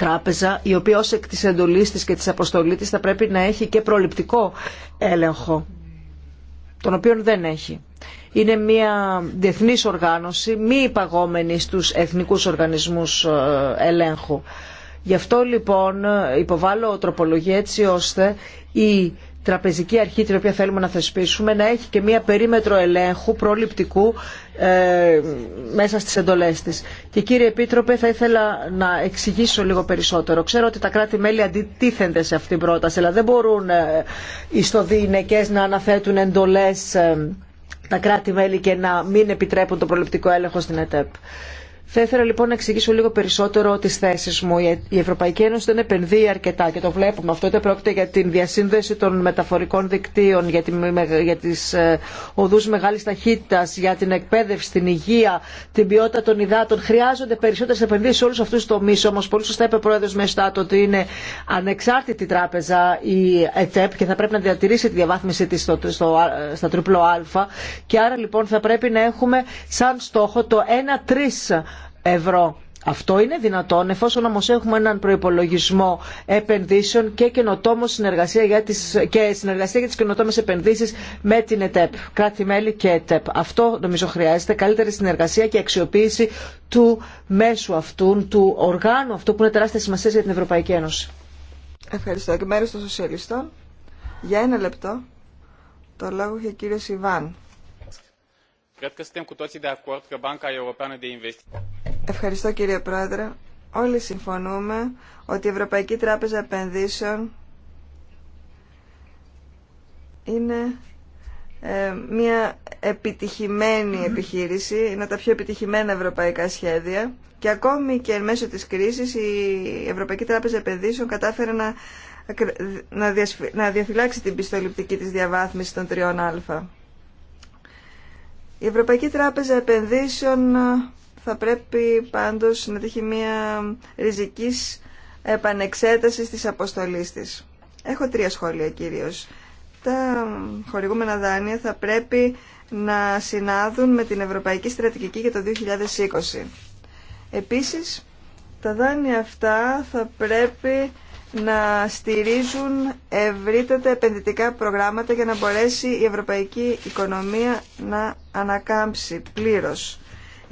τράπεζα η οποία ως εκ της εντολής της και της αποστολής της θα πρέπει να έχει και προληπτικό έλεγχο τον οποίο δεν έχει. Είναι μια διεθνή οργάνωση μη υπαγόμενη στους εθνικούς οργανισμούς ε, ελέγχου. Γι' αυτό λοιπόν ε, υποβάλλω τροπολογία έτσι ώστε η τραπεζική αρχή την οποία θέλουμε να θεσπίσουμε να έχει και μία περίμετρο ελέγχου προληπτικού ε, μέσα στις εντολές της. Και κύριε Επίτροπε θα ήθελα να εξηγήσω λίγο περισσότερο. Ξέρω ότι τα κράτη-μέλη αντιτίθενται σε αυτήν την πρόταση αλλά δεν μπορούν ε, οι στοδίνεκες να αναθέτουν εντολές ε, τα κράτη-μέλη και να μην επιτρέπουν το προληπτικό έλεγχο στην ΕΤΕΠ. Θα ήθελα λοιπόν να εξηγήσω λίγο περισσότερο τι θέσει μου. Η Ευρωπαϊκή Ένωση δεν επενδύει αρκετά και το βλέπουμε αυτό. δεν πρόκειται για την διασύνδεση των μεταφορικών δικτύων, για τι ε, οδού μεγάλη ταχύτητα, για την εκπαίδευση, την υγεία, την ποιότητα των υδάτων. Χρειάζονται περισσότερε επενδύσει σε όλου αυτού του τομεί. Όμω, πολύ σωστά είπε ο πρόεδρο Μεστάτο ότι είναι ανεξάρτητη τράπεζα η ΕΤΕΠ και θα πρέπει να διατηρήσει τη διαβάθμιση τη στα τριπλό Α. Και άρα λοιπόν θα πρέπει να έχουμε σαν στόχο το 1-3 ευρώ. Αυτό είναι δυνατόν εφόσον όμως έχουμε έναν προϋπολογισμό επενδύσεων και, συνεργασία για τις, και συνεργασία για τις καινοτόμες επενδύσεις με την ΕΤΕΠ, κράτη-μέλη και ΕΤΕΠ. Αυτό νομίζω χρειάζεται καλύτερη συνεργασία και αξιοποίηση του μέσου αυτού, του οργάνου αυτού που είναι τεράστια σημασία για την Ευρωπαϊκή Ένωση. Ευχαριστώ. Εκ μέρους των Σοσιαλιστών, για ένα λεπτό, το λόγο έχει ο κύριος Ιβάν. Ευχαριστώ κύριε Πρόεδρε. Όλοι συμφωνούμε ότι η Ευρωπαϊκή Τράπεζα Επενδύσεων είναι ε, μια επιτυχημένη επιχείρηση, είναι τα πιο επιτυχημένα ευρωπαϊκά σχέδια και ακόμη και εν μέσω της κρίσης η Ευρωπαϊκή Τράπεζα Επενδύσεων κατάφερε να, να διαφυλάξει την πιστοληπτική της διαβάθμιση των τριών α. Η Ευρωπαϊκή Τράπεζα Επενδύσεων θα πρέπει πάντως να τύχει μια ριζικής επανεξέτασης της αποστολής της. Έχω τρία σχόλια κυρίως. Τα χορηγούμενα δάνεια θα πρέπει να συνάδουν με την Ευρωπαϊκή Στρατηγική για το 2020. Επίσης, τα δάνεια αυτά θα πρέπει να στηρίζουν ευρύτερα επενδυτικά προγράμματα για να μπορέσει η ευρωπαϊκή οικονομία να ανακάμψει πλήρως.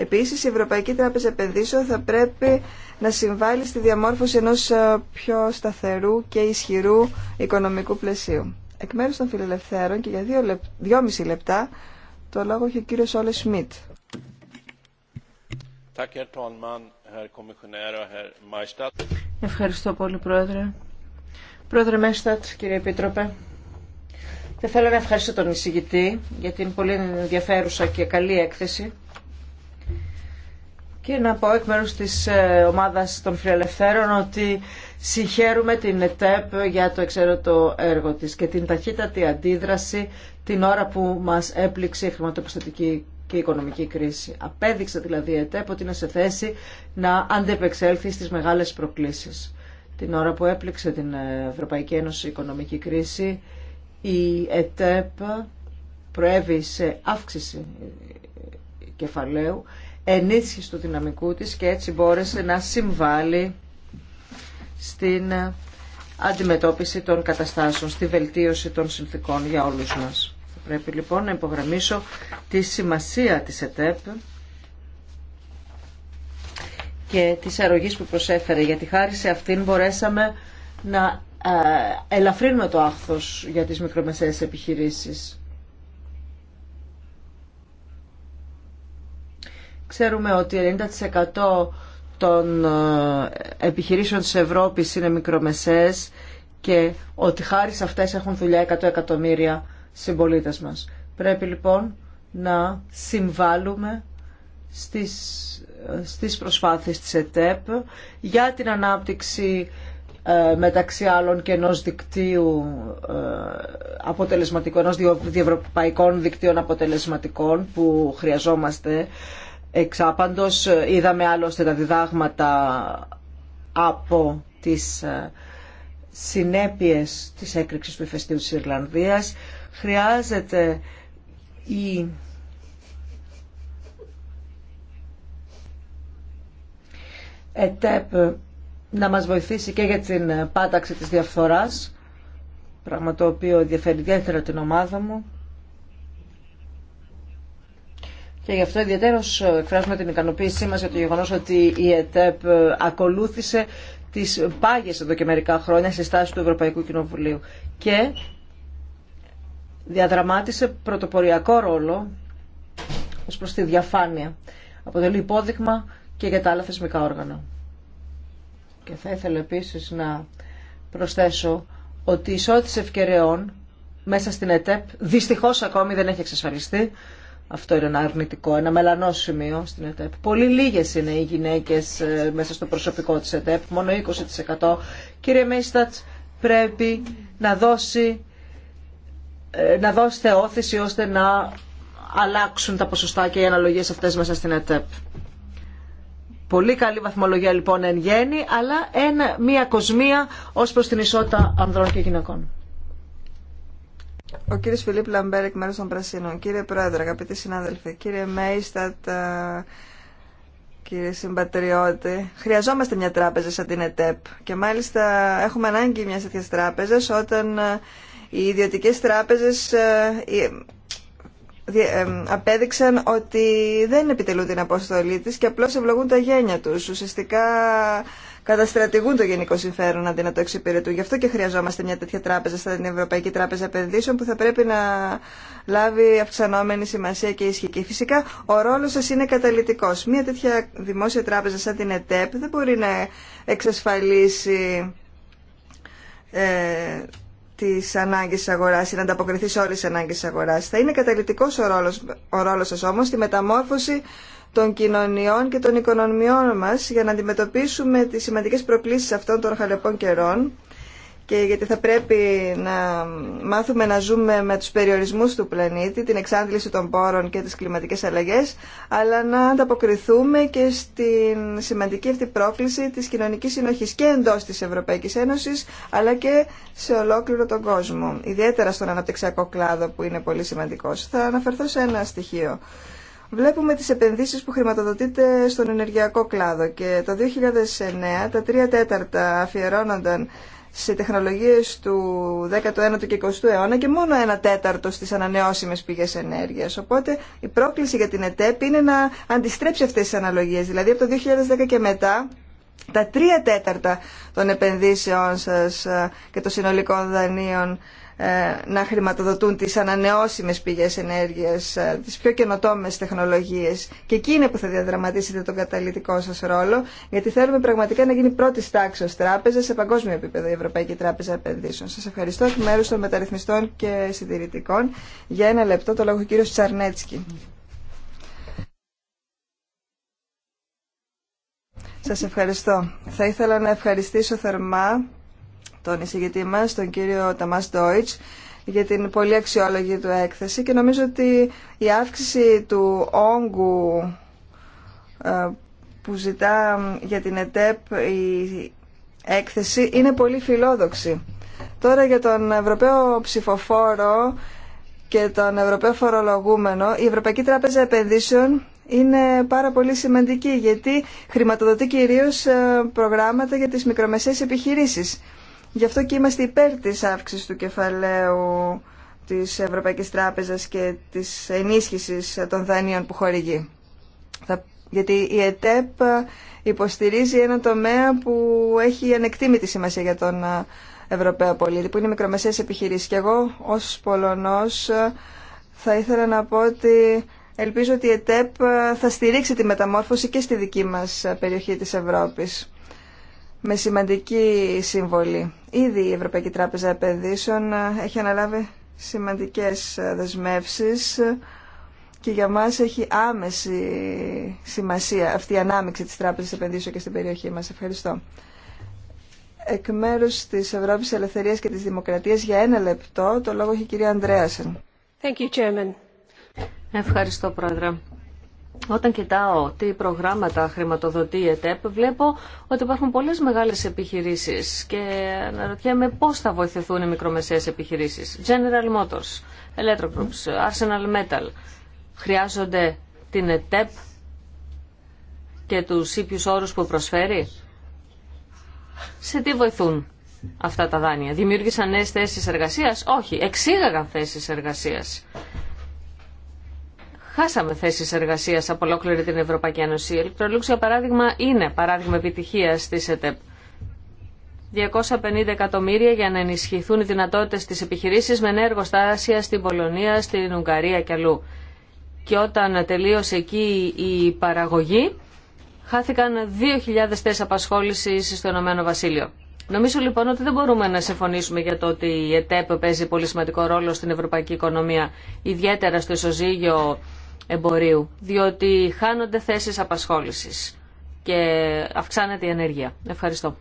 Επίσης, η Ευρωπαϊκή Τράπεζα Επενδύσεων θα πρέπει να συμβάλλει στη διαμόρφωση ενός ε, πιο σταθερού και ισχυρού οικονομικού πλαισίου. Εκ μέρους των φιλελευθέρων και για δύο, λεπ... δυόμιση λεπτά το λόγο έχει ο κύριος Όλε Σμιτ. Ευχαριστώ πολύ, Πρόεδρε. Πρόεδρε Μέστατ, κύριε Επίτροπε. Θα θέλω να ευχαριστώ τον εισηγητή για την πολύ ενδιαφέρουσα και καλή έκθεση και να πω εκ μέρους της ε, ομάδας των φιλελευθέρων ότι συγχαίρουμε την ΕΤΕΠ για το εξαίρετο έργο της και την ταχύτατη αντίδραση την ώρα που μας έπληξε η χρηματοπιστωτική και η οικονομική κρίση. Απέδειξε δηλαδή η ΕΤΕΠ ότι είναι σε θέση να αντεπεξέλθει στις μεγάλες προκλήσεις. Την ώρα που έπληξε την Ευρωπαϊκή Ένωση η οικονομική κρίση, η ΕΤΕΠ προέβη σε αύξηση κεφαλαίου ενίσχυση του δυναμικού της και έτσι μπόρεσε να συμβάλλει στην αντιμετώπιση των καταστάσεων, στη βελτίωση των συνθήκων για όλους μας. Πρέπει λοιπόν να υπογραμμίσω τη σημασία της ΕΤΕΠ και της αρρωγής που προσέφερε, γιατί χάρη σε αυτήν μπορέσαμε να ε, ελαφρύνουμε το άχθος για τις μικρομεσαίες επιχειρήσεις. Ξέρουμε ότι 90% των ε, επιχειρήσεων της Ευρώπης είναι μικρομεσαίες και ότι χάρη σε αυτές έχουν δουλειά 100 εκατομμύρια συμπολίτες μας. Πρέπει λοιπόν να συμβάλλουμε στις, ε, στις προσπάθειες της ΕΤΕΠ για την ανάπτυξη ε, μεταξύ άλλων και ενός δικτύου αποτελεσματικών, ενός διευρωπαϊκών δικτύων αποτελεσματικών που χρειαζόμαστε εξάπαντος. Είδαμε άλλωστε τα διδάγματα από τις ε, συνέπειες της έκρηξης του ηφαιστείου της Ιρλανδίας. Χρειάζεται η ΕΤΕΠ να μας βοηθήσει και για την ε, πάταξη της διαφθοράς, πράγμα το οποίο ενδιαφέρει ιδιαίτερα την ομάδα μου. Και γι' αυτό ιδιαίτερω ε, εκφράζουμε την ικανοποίησή μα για το γεγονό ότι η ΕΤΕΠ ε, ακολούθησε τι πάγιε εδώ και μερικά χρόνια συστάσει του Ευρωπαϊκού Κοινοβουλίου. Και διαδραμάτισε πρωτοποριακό ρόλο ως προς τη διαφάνεια. Αποτελεί υπόδειγμα και για τα άλλα θεσμικά όργανα. Και θα ήθελα επίσης να προσθέσω ότι η ισότητα ευκαιριών μέσα στην ΕΤΕΠ δυστυχώ ακόμη δεν έχει εξασφαλιστεί αυτό είναι ένα αρνητικό, ένα μελανό σημείο στην ΕΤΕΠ. Πολύ λίγε είναι οι γυναίκε ε, μέσα στο προσωπικό τη ΕΤΕΠ, μόνο 20%. Κύριε Μίστατ, πρέπει να, δώσει, ε, να δώσει όθηση ώστε να αλλάξουν τα ποσοστά και οι αναλογίες αυτές μέσα στην ΕΤΕΠ. Πολύ καλή βαθμολογία λοιπόν εν γέννη, αλλά ένα, μία κοσμία ως προς την ισότητα ανδρών και γυναικών. Ο κύριος Φιλίπ Λαμπέρεκ, μέρο των Πρασίνων. Κύριε Πρόεδρε, αγαπητοί συνάδελφοι, κύριε Μέιστατ, ε, κύριε συμπατριώτη, χρειαζόμαστε μια τράπεζα σαν την ΕΤΕΠ και μάλιστα έχουμε ανάγκη μια τέτοια τράπεζα όταν ε, οι ιδιωτικές τράπεζες ε, απέδειξαν ότι δεν επιτελούν την αποστολή της και απλώς ευλογούν τα γένια τους. Ουσιαστικά καταστρατηγούν το γενικό συμφέρον αντί να το εξυπηρετούν. Γι' αυτό και χρειαζόμαστε μια τέτοια τράπεζα στην Ευρωπαϊκή Τράπεζα Επενδύσεων που θα πρέπει να λάβει αυξανόμενη σημασία και ισχύ. Και φυσικά ο ρόλο σα είναι καταλητικό. Μια τέτοια δημόσια τράπεζα σαν την ΕΤΕΠ δεν μπορεί να εξασφαλίσει ε, τι ανάγκε τη αγορά ή να ανταποκριθεί σε όλε τι ανάγκε τη αγορά. Θα είναι καταλητικό ο ρόλο ρόλος σα όμω στη μεταμόρφωση των κοινωνιών και των οικονομιών μας για να αντιμετωπίσουμε τις σημαντικές προκλήσεις αυτών των χαλεπών καιρών και γιατί θα πρέπει να μάθουμε να ζούμε με τους περιορισμούς του πλανήτη, την εξάντληση των πόρων και τις κλιματικές αλλαγές, αλλά να ανταποκριθούμε και στην σημαντική αυτή πρόκληση της κοινωνικής συνοχής και εντός της Ευρωπαϊκής Ένωσης, αλλά και σε ολόκληρο τον κόσμο, ιδιαίτερα στον αναπτυξιακό κλάδο που είναι πολύ σημαντικός. Θα αναφερθώ σε ένα στοιχείο. Βλέπουμε τις επενδύσεις που χρηματοδοτείται στον ενεργειακό κλάδο και το 2009 τα τρία τέταρτα αφιερώνονταν σε τεχνολογίες του 19ου και 20ου αιώνα και μόνο ένα τέταρτο στις ανανεώσιμες πηγές ενέργειας. Οπότε η πρόκληση για την ΕΤΕΠ είναι να αντιστρέψει αυτές τις αναλογίες. Δηλαδή από το 2010 και μετά τα τρία τέταρτα των επενδύσεών σας και των συνολικών δανείων ε, να χρηματοδοτούν τις ανανεώσιμες πηγές ενέργειας, ε, τις πιο καινοτόμες τεχνολογίες. Και εκεί είναι που θα διαδραματίσετε τον καταλητικό σας ρόλο, γιατί θέλουμε πραγματικά να γίνει πρώτη τάξη ως τράπεζα σε παγκόσμιο επίπεδο η Ευρωπαϊκή Τράπεζα Επενδύσεων. Σας ευχαριστώ εκ μέρους των μεταρρυθμιστών και συντηρητικών. Για ένα λεπτό το λόγο κύριο Τσαρνέτσκι. Σας ευχαριστώ. Θα ήθελα να ευχαριστήσω θερμά τον εισηγητή μας, τον κύριο Ταμάς Ντόιτς, για την πολύ αξιόλογη του έκθεση και νομίζω ότι η αύξηση του όγκου ε, που ζητά για την ΕΤΕΠ η έκθεση είναι πολύ φιλόδοξη. Τώρα για τον Ευρωπαίο ψηφοφόρο και τον Ευρωπαίο φορολογούμενο, η Ευρωπαϊκή Τράπεζα Επενδύσεων είναι πάρα πολύ σημαντική γιατί χρηματοδοτεί κυρίως ε, προγράμματα για τις μικρομεσαίες επιχειρήσεις Γι' αυτό και είμαστε υπέρ της αύξησης του κεφαλαίου της Ευρωπαϊκής Τράπεζας και της ενίσχυσης των δανείων που χορηγεί. Γιατί η ΕΤΕΠ υποστηρίζει ένα τομέα που έχει ανεκτήμητη σημασία για τον Ευρωπαίο πολίτη, που είναι μικρομεσαίες επιχειρήσεις. Και εγώ ως Πολωνός θα ήθελα να πω ότι ελπίζω ότι η ΕΤΕΠ θα στηρίξει τη μεταμόρφωση και στη δική μας περιοχή της Ευρώπης με σημαντική συμβολή. Ήδη η Ευρωπαϊκή Τράπεζα Επενδύσεων ε, έχει αναλάβει σημαντικές ε, δεσμεύσεις και για μας έχει άμεση σημασία αυτή η ανάμειξη της Τράπεζας Επενδύσεων και στην περιοχή μας. Ευχαριστώ. Εκ μέρους της Ευρώπης Ελευθερίας και της Δημοκρατίας για ένα λεπτό το λόγο έχει η κυρία Ανδρέασεν. Ευχαριστώ, Πρόεδρε. Όταν κοιτάω τι προγράμματα χρηματοδοτεί η ΕΤΕΠ, βλέπω ότι υπάρχουν πολλές μεγάλες επιχειρήσεις και αναρωτιέμαι πώς θα βοηθηθούν οι μικρομεσαίες επιχειρήσεις. General Motors, Electrogroups, Arsenal Metal χρειάζονται την ΕΤΕΠ και τους ήπιου όρου που προσφέρει. Σε τι βοηθούν αυτά τα δάνεια. Δημιούργησαν νέε θέσει εργασίας. Όχι, εξήγαγαν θέσει εργασία χάσαμε θέσει εργασία από ολόκληρη την Ευρωπαϊκή Ένωση. Η Electrolux, για παράδειγμα, είναι παράδειγμα επιτυχία τη ΕΤΕΠ. 250 εκατομμύρια για να ενισχυθούν οι δυνατότητε τη επιχειρήση με νέα εργοστάσια στην Πολωνία, στην Ουγγαρία και αλλού. Και όταν τελείωσε εκεί η παραγωγή, χάθηκαν 2.000 θέσει απασχόληση στο Ηνωμένο Βασίλειο. Νομίζω λοιπόν ότι δεν μπορούμε να συμφωνήσουμε για το ότι η ΕΤΕΠ παίζει πολύ σημαντικό ρόλο στην ευρωπαϊκή οικονομία, ιδιαίτερα στο ισοζύγιο εμπορίου, διότι χάνονται θέσεις απασχόλησης και αυξάνεται η ενέργεια. Ευχαριστώ.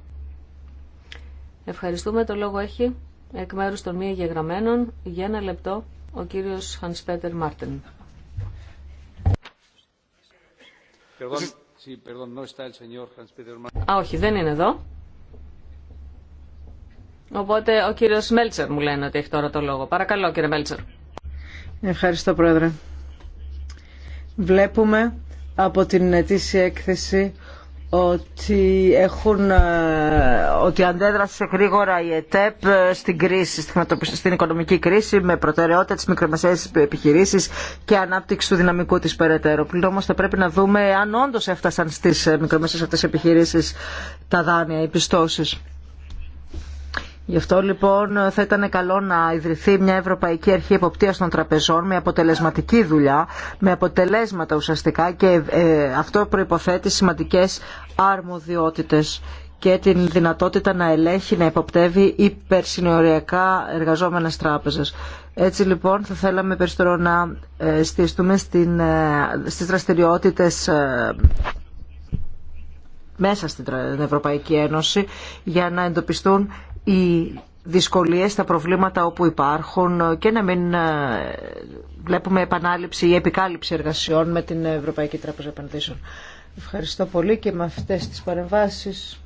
Ευχαριστούμε. Το λόγο έχει εκ μέρους των μη εγγεγραμμένων για ένα λεπτό ο κύριος Χανς Πέτερ Μάρτεν. Α, όχι, δεν είναι εδώ. Οπότε ο κύριος Μέλτσερ μου λένε ότι έχει τώρα το λόγο. Παρακαλώ κύριε Μέλτσερ. Ευχαριστώ πρόεδρε βλέπουμε από την ετήσια έκθεση ότι, έχουν, ε, ότι αντέδρασε γρήγορα η ΕΤΕΠ ε, στην, κρίση, στην οικονομική κρίση με προτεραιότητα τις μικρομεσαίες επιχειρήσεις και ανάπτυξη του δυναμικού της περαιτέρω. Πλην όμως θα πρέπει να δούμε αν όντως έφτασαν στις ε, μικρομεσαίες αυτές επιχειρήσεις τα δάνεια, οι πιστώσεις. Γι' αυτό λοιπόν θα ήταν καλό να ιδρυθεί μια Ευρωπαϊκή Αρχή Εποπτείας των Τραπεζών με αποτελεσματική δουλειά, με αποτελέσματα ουσιαστικά και ε, αυτό προϋποθέτει σημαντικές αρμοδιότητες και την δυνατότητα να ελέγχει, να υποπτεύει υπερσυνοριακά εργαζόμενες τράπεζες. Έτσι λοιπόν θα θέλαμε περισσότερο να ε, στήσουμε στην, ε, στις δραστηριότητες μέσα στην Ευρωπαϊκή Ένωση για να εντοπιστούν οι δυσκολίες, τα προβλήματα όπου υπάρχουν και να μην ε, βλέπουμε επανάληψη ή επικάλυψη εργασιών με την Ευρωπαϊκή Τράπεζα Επενδύσεων. Ευχαριστώ πολύ και με αυτές τις παρεμβάσεις.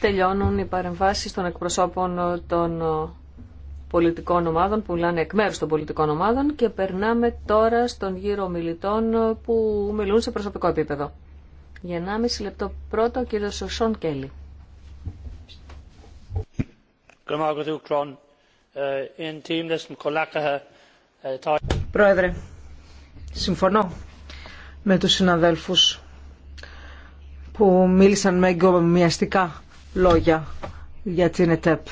Τελειώνουν οι παρεμβάσεις των εκπροσώπων των ε, πολιτικών ομάδων που μιλάνε εκ μέρους των πολιτικών ομάδων και περνάμε τώρα στον γύρο μιλητών που μιλούν σε προσωπικό επίπεδο. Για 1,5 λεπτό πρώτο ο κύριος Σον Κέλλη. Πρόεδρε, συμφωνώ με τους συναδέλφους που μίλησαν με εγκομιαστικά λόγια για την ΕΤΕΠ.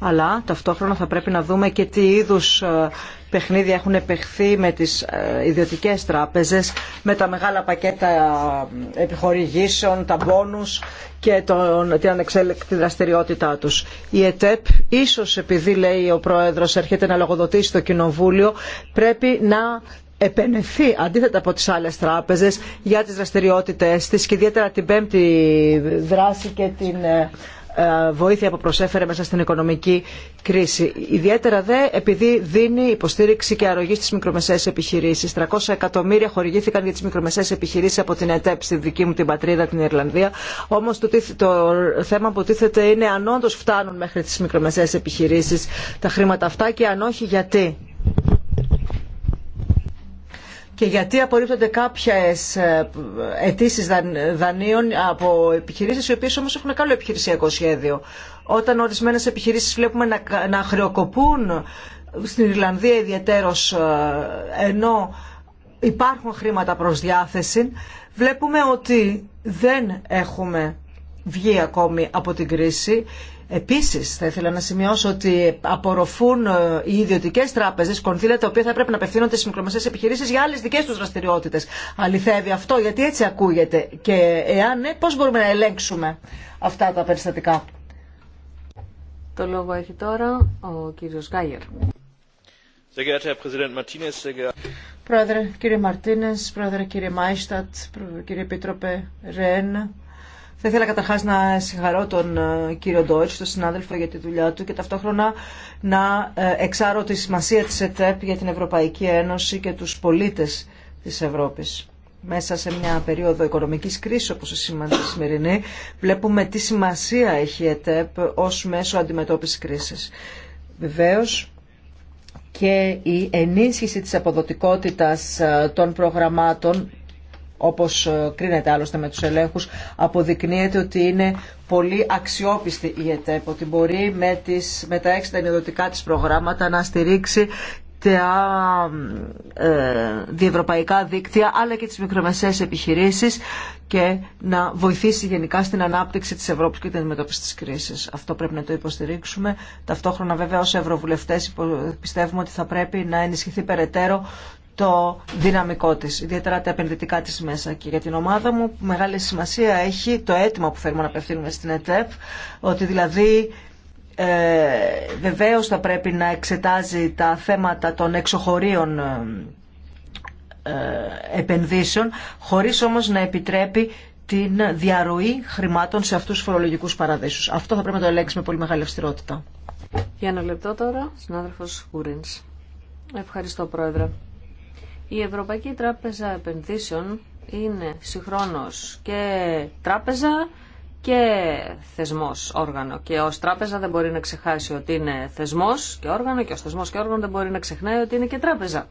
Αλλά ταυτόχρονα θα πρέπει να δούμε και τι είδους ε, παιχνίδια έχουν επεχθεί με τις ε, ιδιωτικές τράπεζες, με τα μεγάλα πακέτα ε, επιχορηγήσεων, τα μπόνους και τον, την ανεξέλεκτη δραστηριότητά τους. Η ΕΤΕΠ, ίσως επειδή λέει ο Πρόεδρος έρχεται να λογοδοτήσει το Κοινοβούλιο, πρέπει να επενεθεί αντίθετα από τις άλλες τράπεζες για τις δραστηριότητες της και ιδιαίτερα την πέμπτη δράση και την ε, ε, βοήθεια που προσέφερε μέσα στην οικονομική κρίση. Ιδιαίτερα δε επειδή δίνει υποστήριξη και αρρωγή στις μικρομεσαίες επιχειρήσεις. 300 εκατομμύρια χορηγήθηκαν για τις μικρομεσαίες επιχειρήσεις από την ΕΤΕΠ στη δική μου την πατρίδα, την Ιρλανδία. Όμως το, το θέμα που τίθεται είναι αν όντω φτάνουν μέχρι τι μικρομεσαίες επιχειρήσει τα χρήματα αυτά και αν όχι γιατί και γιατί απορρίπτονται κάποιε αιτήσει δανείων από επιχειρήσεις οι οποίες όμως έχουν καλό επιχειρησιακό σχέδιο. Όταν ορισμένε επιχειρήσεις βλέπουμε να, να χρεοκοπούν στην Ιρλανδία ιδιαίτερος ε, ενώ υπάρχουν χρήματα προς διάθεση, βλέπουμε ότι δεν έχουμε βγει ακόμη από την κρίση. Επίσης, θα ήθελα να σημειώσω ότι απορροφούν ε, οι ιδιωτικές τράπεζες κονδύλια τα οποία θα πρέπει να απευθύνονται στις μικρομεσαίες επιχειρήσεις για άλλες δικές τους δραστηριότητες. Αληθεύει αυτό, γιατί έτσι ακούγεται. Και εάν ναι, πώς μπορούμε να ελέγξουμε αυτά τα περιστατικά. Το λόγο έχει τώρα ο κύριος Γκάιερ. Πρόεδρε, κύριε Μαρτίνες, πρόεδρε, κύριε Μάιστατ, κύριε Επίτροπε Ρεν, θα ήθελα καταρχά να συγχαρώ τον ε, κύριο Ντόιτ, τον συνάδελφο, για τη δουλειά του και ταυτόχρονα να ε, εξάρω τη σημασία τη ΕΤΕΠ για την Ευρωπαϊκή Ένωση και του πολίτε τη Ευρώπη. Μέσα σε μια περίοδο οικονομικής κρίσης όπως η σημερινή βλέπουμε τι σημασία έχει η ΕΤΕΠ ως μέσο αντιμετώπισης κρίσης. Βεβαίως, και η ενίσχυση της αποδοτικότητας ε, των προγραμμάτων όπως ε, κρίνεται άλλωστε με τους ελέγχους, αποδεικνύεται ότι είναι πολύ αξιόπιστη η ΕΤΕΠ, ότι μπορεί με, τις, με τα έξι ενδοτικά της προγράμματα να στηρίξει τα ε, διευρωπαϊκά δίκτυα αλλά και τις μικρομεσαίες επιχειρήσεις και να βοηθήσει γενικά στην ανάπτυξη της Ευρώπης και την αντιμετώπιση της κρίσης. Αυτό πρέπει να το υποστηρίξουμε. Ταυτόχρονα βέβαια ως Ευρωβουλευτές πιστεύουμε ότι θα πρέπει να ενισχυθεί περαιτέρω το δυναμικό της, ιδιαίτερα τα επενδυτικά της μέσα. Και για την ομάδα μου μεγάλη σημασία έχει το αίτημα που θέλουμε να απευθύνουμε στην ΕΤΕΠ, ότι δηλαδή ε, βεβαίως θα πρέπει να εξετάζει τα θέματα των εξωχωρίων ε, ε, επενδύσεων, χωρίς όμως να επιτρέπει την διαρροή χρημάτων σε αυτούς τους φορολογικούς παραδείσους. Αυτό θα πρέπει να το ελέγξουμε με πολύ μεγάλη αυστηρότητα. Για ένα λεπτό τώρα, συνάδελφος Γουρίνς. Ευχαριστώ, Πρόεδρε. Η Ευρωπαϊκή Τράπεζα Επενδύσεων είναι συγχρόνως και τράπεζα και θεσμός όργανο. Και ως τράπεζα δεν μπορεί να ξεχάσει ότι είναι θεσμός και όργανο και ως θεσμός και όργανο δεν μπορεί να ξεχνάει ότι είναι και τράπεζα.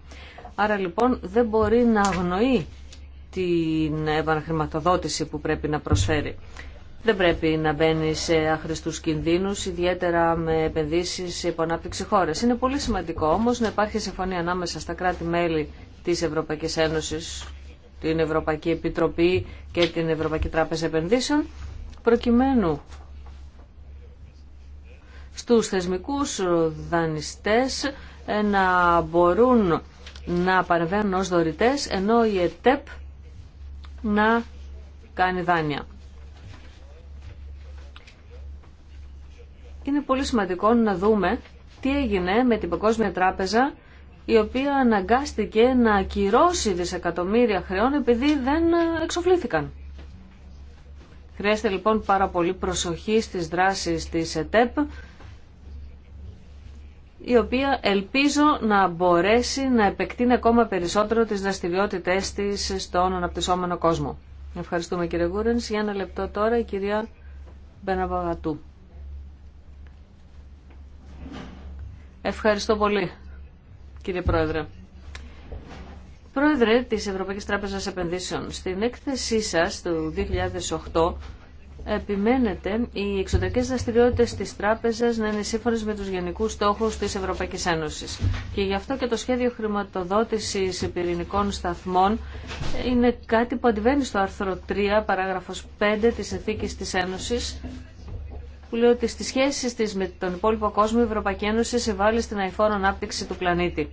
Άρα λοιπόν δεν μπορεί να αγνοεί την επαναχρηματοδότηση που πρέπει να προσφέρει. Δεν πρέπει να μπαίνει σε άχρηστου κινδύνους, ιδιαίτερα με επενδύσει σε υπονάπτυξη χώρε. Είναι πολύ σημαντικό όμω να υπάρχει συμφωνία ανάμεσα στα κράτη-μέλη της Ευρωπαϊκής Ένωσης, την Ευρωπαϊκή Επιτροπή και την Ευρωπαϊκή Τράπεζα Επενδύσεων, προκειμένου στους θεσμικούς δανειστές ε, να μπορούν να παρεμβαίνουν ως δωρητές, ενώ η ΕΤΕΠ να κάνει δάνεια. Είναι πολύ σημαντικό να δούμε τι έγινε με την Παγκόσμια Τράπεζα η οποία αναγκάστηκε να ακυρώσει δισεκατομμύρια χρεών επειδή δεν εξοφλήθηκαν. Χρειάζεται λοιπόν πάρα πολύ προσοχή στις δράσεις της ΕΤΕΠ, η οποία ελπίζω να μπορέσει να επεκτείνει ακόμα περισσότερο τις δραστηριότητες της στον αναπτυσσόμενο κόσμο. Ευχαριστούμε κύριε Γούρενς. Για ένα λεπτό τώρα η κυρία Μπεναβαγατού. Ευχαριστώ πολύ κύριε Πρόεδρε. Πρόεδρε της Ευρωπαϊκής Τράπεζας Επενδύσεων, στην έκθεσή σας του 2008 επιμένετε οι εξωτερικές δραστηριότητες της τράπεζας να είναι σύμφωνες με τους γενικούς στόχους της Ευρωπαϊκής Ένωσης. Και γι' αυτό και το σχέδιο χρηματοδότησης πυρηνικών σταθμών είναι κάτι που αντιβαίνει στο άρθρο 3, παράγραφος 5 της Εθήκης της Ένωσης που λέει ότι στις σχέσεις της με τον υπόλοιπο κόσμο η Ευρωπαϊκή Ένωση συμβάλλει στην αηφόρο ανάπτυξη του πλανήτη.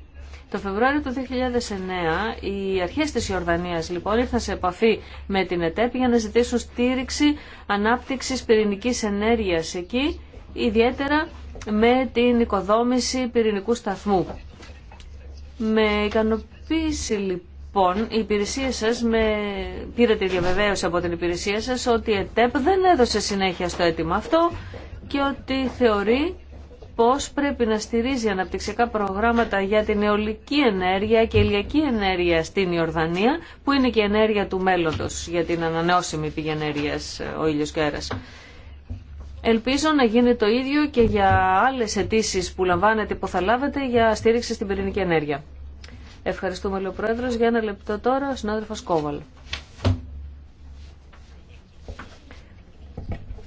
Το Φεβρουάριο του 2009 οι αρχές της Ιορδανίας λοιπόν ήρθαν σε επαφή με την ΕΤΕΠ για να ζητήσουν στήριξη ανάπτυξης πυρηνικής ενέργειας εκεί, ιδιαίτερα με την οικοδόμηση πυρηνικού σταθμού. Με ικανοποίηση λοιπόν λοιπόν η υπηρεσία σα με... πήρε τη διαβεβαίωση από την υπηρεσία σα ότι η ΕΤΕΠ δεν έδωσε συνέχεια στο αίτημα αυτό και ότι θεωρεί πώ πρέπει να στηρίζει αναπτυξιακά προγράμματα για την αιωλική ενέργεια και ηλιακή ενέργεια στην Ιορδανία, που είναι και η ενέργεια του μέλλοντος για την ανανεώσιμη πηγή ενέργεια ε, ο ήλιο και αέρας. Ελπίζω να γίνει το ίδιο και για άλλε αιτήσει που λαμβάνετε που θα λάβετε για στήριξη στην πυρηνική ενέργεια. Ευχαριστούμε, λέει ο Πρόεδρος. Για ένα λεπτό τώρα, ο Κόβαλ.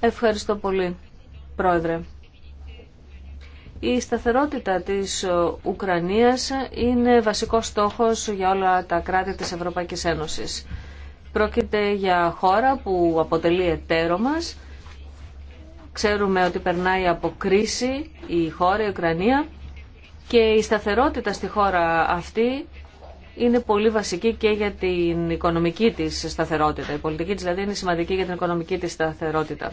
Ευχαριστώ πολύ, Πρόεδρε. Η σταθερότητα της Ουκρανίας είναι βασικός στόχος για όλα τα κράτη της Ευρωπαϊκής Ένωσης. Πρόκειται για χώρα που αποτελεί εταίρο μας. Ξέρουμε ότι περνάει από κρίση η χώρα, η Ουκρανία και η σταθερότητα στη χώρα αυτή είναι πολύ βασική και για την οικονομική της σταθερότητα. Η πολιτική της δηλαδή είναι σημαντική για την οικονομική της σταθερότητα.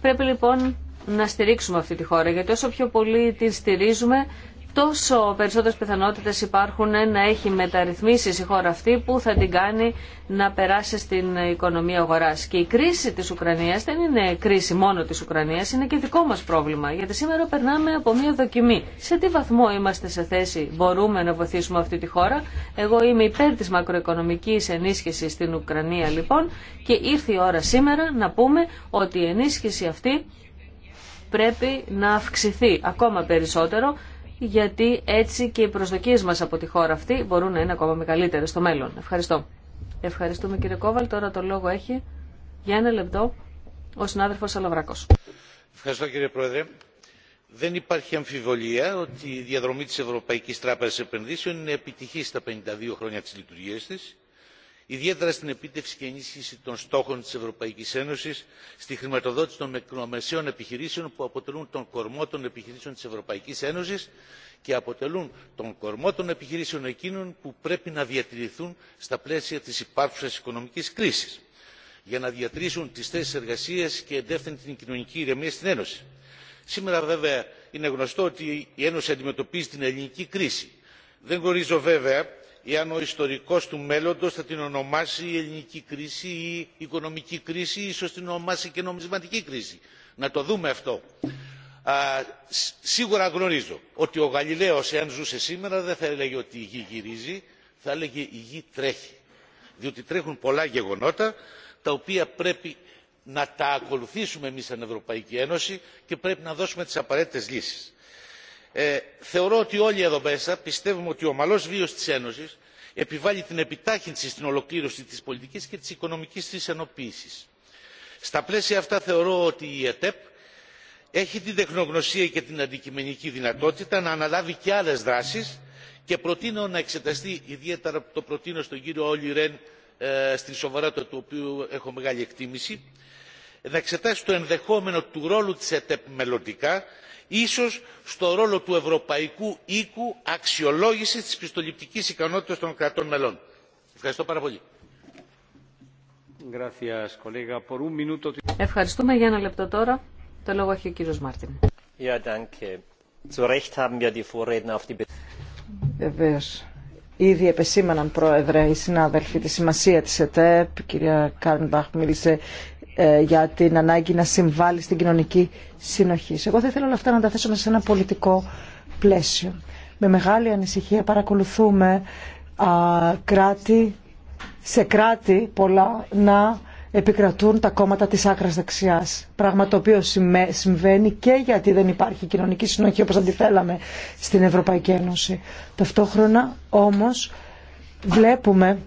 Πρέπει λοιπόν να στηρίξουμε αυτή τη χώρα, γιατί όσο πιο πολύ την στηρίζουμε, τόσο περισσότερες πιθανότητες υπάρχουν να έχει μεταρρυθμίσεις η χώρα αυτή που θα την κάνει να περάσει στην οικονομία αγοράς. Και η κρίση της Ουκρανίας δεν είναι κρίση μόνο της Ουκρανίας, είναι και δικό μας πρόβλημα. Γιατί σήμερα περνάμε από μια δοκιμή. Σε τι βαθμό είμαστε σε θέση, μπορούμε να βοηθήσουμε αυτή τη χώρα. Εγώ είμαι υπέρ της μακροοικονομικής ενίσχυσης στην Ουκρανία λοιπόν και ήρθε η ώρα σήμερα να πούμε ότι η ενίσχυση αυτή πρέπει να αυξηθεί ακόμα περισσότερο γιατί έτσι και οι προσδοκίες μας από τη χώρα αυτή μπορούν να είναι ακόμα μεγαλύτερε στο μέλλον. Ευχαριστώ. Ευχαριστούμε κύριε Κόβαλ. Τώρα το λόγο έχει για ένα λεπτό ο συνάδελφος Αλαβράκος. Ευχαριστώ κύριε Πρόεδρε. Δεν υπάρχει αμφιβολία ότι η διαδρομή της Ευρωπαϊκής Τράπεζας Επενδύσεων είναι επιτυχή στα 52 χρόνια της λειτουργίας της ιδιαίτερα στην επίτευξη και ενίσχυση των στόχων της Ευρωπαϊκής Ένωσης, στη χρηματοδότηση των μικρομεσαίων επιχειρήσεων που αποτελούν τον κορμό των επιχειρήσεων της Ευρωπαϊκής Ένωσης και αποτελούν τον κορμό των επιχειρήσεων εκείνων που πρέπει να διατηρηθούν στα πλαίσια της υπάρχουσας οικονομικής κρίσης για να διατηρήσουν τις θέσεις εργασίας και εντεύθυν την κοινωνική ηρεμία στην Ένωση. Σήμερα βέβαια είναι γνωστό ότι η Ένωση αντιμετωπίζει την ελληνική κρίση. Δεν γνωρίζω βέβαια εάν ο ιστορικός του μέλλοντος θα την ονομάσει η ελληνική κρίση ή η οικονομική κρίση ή ίσως την ονομάσει και νομισματική κρίση. Να το δούμε αυτό. σίγουρα γνωρίζω ότι ο Γαλιλαίος εάν ζούσε σήμερα δεν θα έλεγε ότι η γη γυρίζει, θα έλεγε η γη τρέχει. Διότι τρέχουν πολλά γεγονότα τα οποία πρέπει να τα ακολουθήσουμε εμείς σαν Ευρωπαϊκή Ένωση και πρέπει να δώσουμε τις απαραίτητες λύσεις. Ε, θεωρώ ότι όλοι εδώ μέσα πιστεύουμε ότι ο ομαλός βίος της Ένωσης επιβάλλει την επιτάχυνση στην ολοκλήρωση της πολιτικής και της οικονομικής της ενοποίησης. Στα πλαίσια αυτά θεωρώ ότι η ΕΤΕΠ έχει την τεχνογνωσία και την αντικειμενική δυνατότητα να αναλάβει και άλλες δράσεις και προτείνω να εξεταστεί ιδιαίτερα το προτείνω στον κύριο Όλι Ρεν ε, στην σοβαρότητα του οποίου έχω μεγάλη εκτίμηση να εξετάσει το ενδεχόμενο του ρόλου της ΕΤΕΠ μελλοντικά ίσως στο ρόλο του ευρωπαϊκού οίκου αξιολόγηση της πιστοληπτικής ικανότητας των κρατών μελών. Ευχαριστώ πάρα πολύ. Ευχαριστούμε για ένα λεπτό τώρα. Το λόγο έχει ο κύριος Μάρτιν. Βεβαίω. Ήδη επεσήμαναν, Πρόεδρε, οι συνάδελφοι τη σημασία της ΕΤΕΠ. Η κυρία Κάρνμπαχ μίλησε ε, για την ανάγκη να συμβάλλει στην κοινωνική συνοχή. Εγώ θα ήθελα όλα αυτά να τα θέσω σε ένα πολιτικό πλαίσιο. Με μεγάλη ανησυχία παρακολουθούμε α, κράτη, σε κράτη πολλά να επικρατούν τα κόμματα της άκρας δεξιάς. Πράγμα το οποίο συμβαίνει και γιατί δεν υπάρχει κοινωνική συνοχή όπως αντιθέλαμε στην Ευρωπαϊκή Ένωση. Ταυτόχρονα όμως βλέπουμε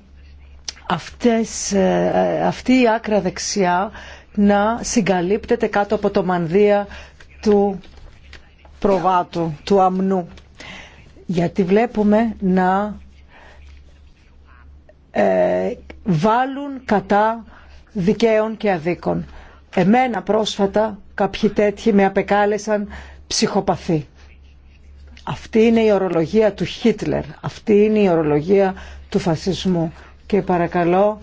αυτές, ε, ε, αυτή η άκρα δεξιά να συγκαλύπτεται κάτω από το μανδύα του προβάτου, του αμνού. Γιατί βλέπουμε να ε, βάλουν κατά δικαίων και αδίκων. Εμένα πρόσφατα κάποιοι τέτοιοι με απεκάλεσαν ψυχοπαθή. Αυτή είναι η ορολογία του Χίτλερ, αυτή είναι η ορολογία του φασισμού και παρακαλώ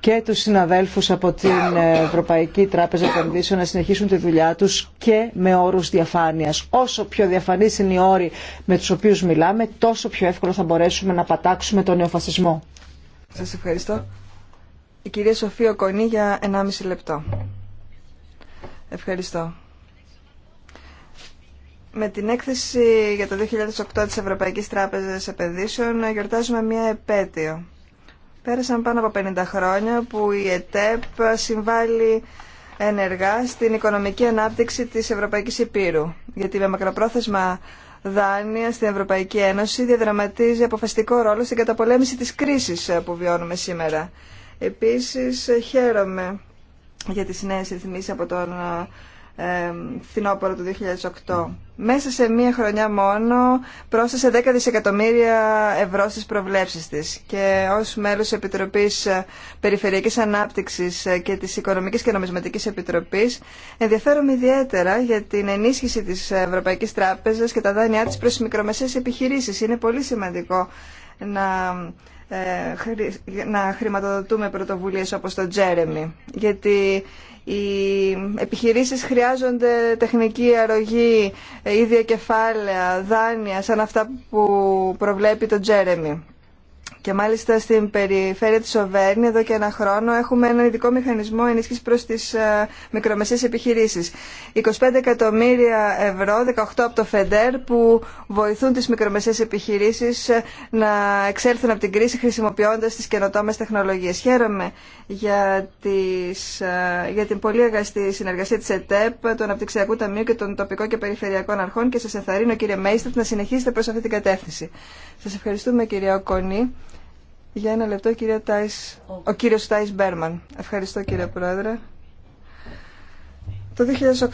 και τους συναδέλφους από την Ευρωπαϊκή Τράπεζα Επενδύσεων να συνεχίσουν τη δουλειά τους και με όρους διαφάνειας. Όσο πιο διαφανείς είναι οι όροι με τους οποίους μιλάμε, τόσο πιο εύκολο θα μπορέσουμε να πατάξουμε τον νεοφασισμό. Σας ευχαριστώ. Η κυρία Σοφία Κονή για 1,5 λεπτό. Ευχαριστώ. Με την έκθεση για το 2008 της Ευρωπαϊκής Τράπεζας Επενδύσεων γιορτάζουμε μια επέτειο. Πέρασαν πάνω από 50 χρόνια που η ΕΤΕΠ συμβάλλει ενεργά στην οικονομική ανάπτυξη της Ευρωπαϊκής Επίρου. Γιατί με μακροπρόθεσμα δάνεια στην Ευρωπαϊκή Ένωση διαδραματίζει αποφασιστικό ρόλο στην καταπολέμηση της κρίσης που βιώνουμε σήμερα. Επίσης χαίρομαι για τις νέες ρυθμίσεις από τον ε, φθινόπωρο του 2008. Μέσα σε μία χρονιά μόνο πρόσθεσε 10 δισεκατομμύρια ευρώ στις προβλέψεις της και ως μέλος Επιτροπής Περιφερειακής Ανάπτυξης και της Οικονομικής και Νομισματικής Επιτροπής ενδιαφέρομαι ιδιαίτερα για την ενίσχυση της Ευρωπαϊκής Τράπεζας και τα δάνειά της προς μικρομεσαίες επιχειρήσεις. Είναι πολύ σημαντικό να ε, να χρηματοδοτούμε πρωτοβουλίες όπως το Τζέρεμι γιατί οι επιχειρήσεις χρειάζονται τεχνική αρρωγή, ε, ίδια κεφάλαια, δάνεια σαν αυτά που προβλέπει το Τζέρεμι. Και μάλιστα στην περιφέρεια της Οβέρνη εδώ και ένα χρόνο έχουμε ένα ειδικό μηχανισμό ενίσχυσης προς τις ε, μικρομεσαίες επιχειρήσεις. 25 εκατομμύρια ευρώ, 18 από το ΦΕΝΤΕΡ που βοηθούν τις μικρομεσαίες επιχειρήσεις ε, να εξέλθουν από την κρίση χρησιμοποιώντας τις καινοτόμες τεχνολογίες. Χαίρομαι για, τις, ε, για την πολύ αγαστή συνεργασία της ΕΤΕΠ, του Αναπτυξιακού Ταμείου και των τοπικών και περιφερειακών αρχών και σας ενθαρρύνω κύριε Μέιστατ να συνεχίσετε προς αυτή την κατεύθυνση. Σας ευχαριστούμε κύριο Οκονή. Για ένα λεπτό Τάις, ο κύριος Τάις Μπέρμαν. Ευχαριστώ κύριε Πρόεδρε. Το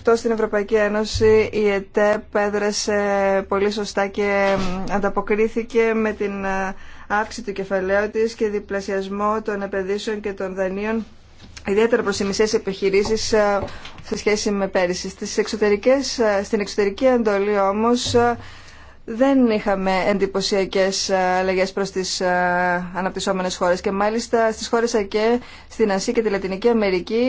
2008 στην Ευρωπαϊκή Ένωση η ΕΤΕΠ έδρασε πολύ σωστά και ανταποκρίθηκε με την ε, αύξηση του κεφαλαίου της και διπλασιασμό των επενδύσεων και των δανείων ιδιαίτερα προς οι μισές επιχειρήσεις ε, σε σχέση με πέρυσι. Στις εξωτερικές, ε, στην εξωτερική εντολή όμως δεν είχαμε εντυπωσιακέ αλλαγέ προ τι ε, αναπτυσσόμενε χώρε. Και μάλιστα στι χώρε ΑΚΕ, στην Ασία και τη Λατινική Αμερική,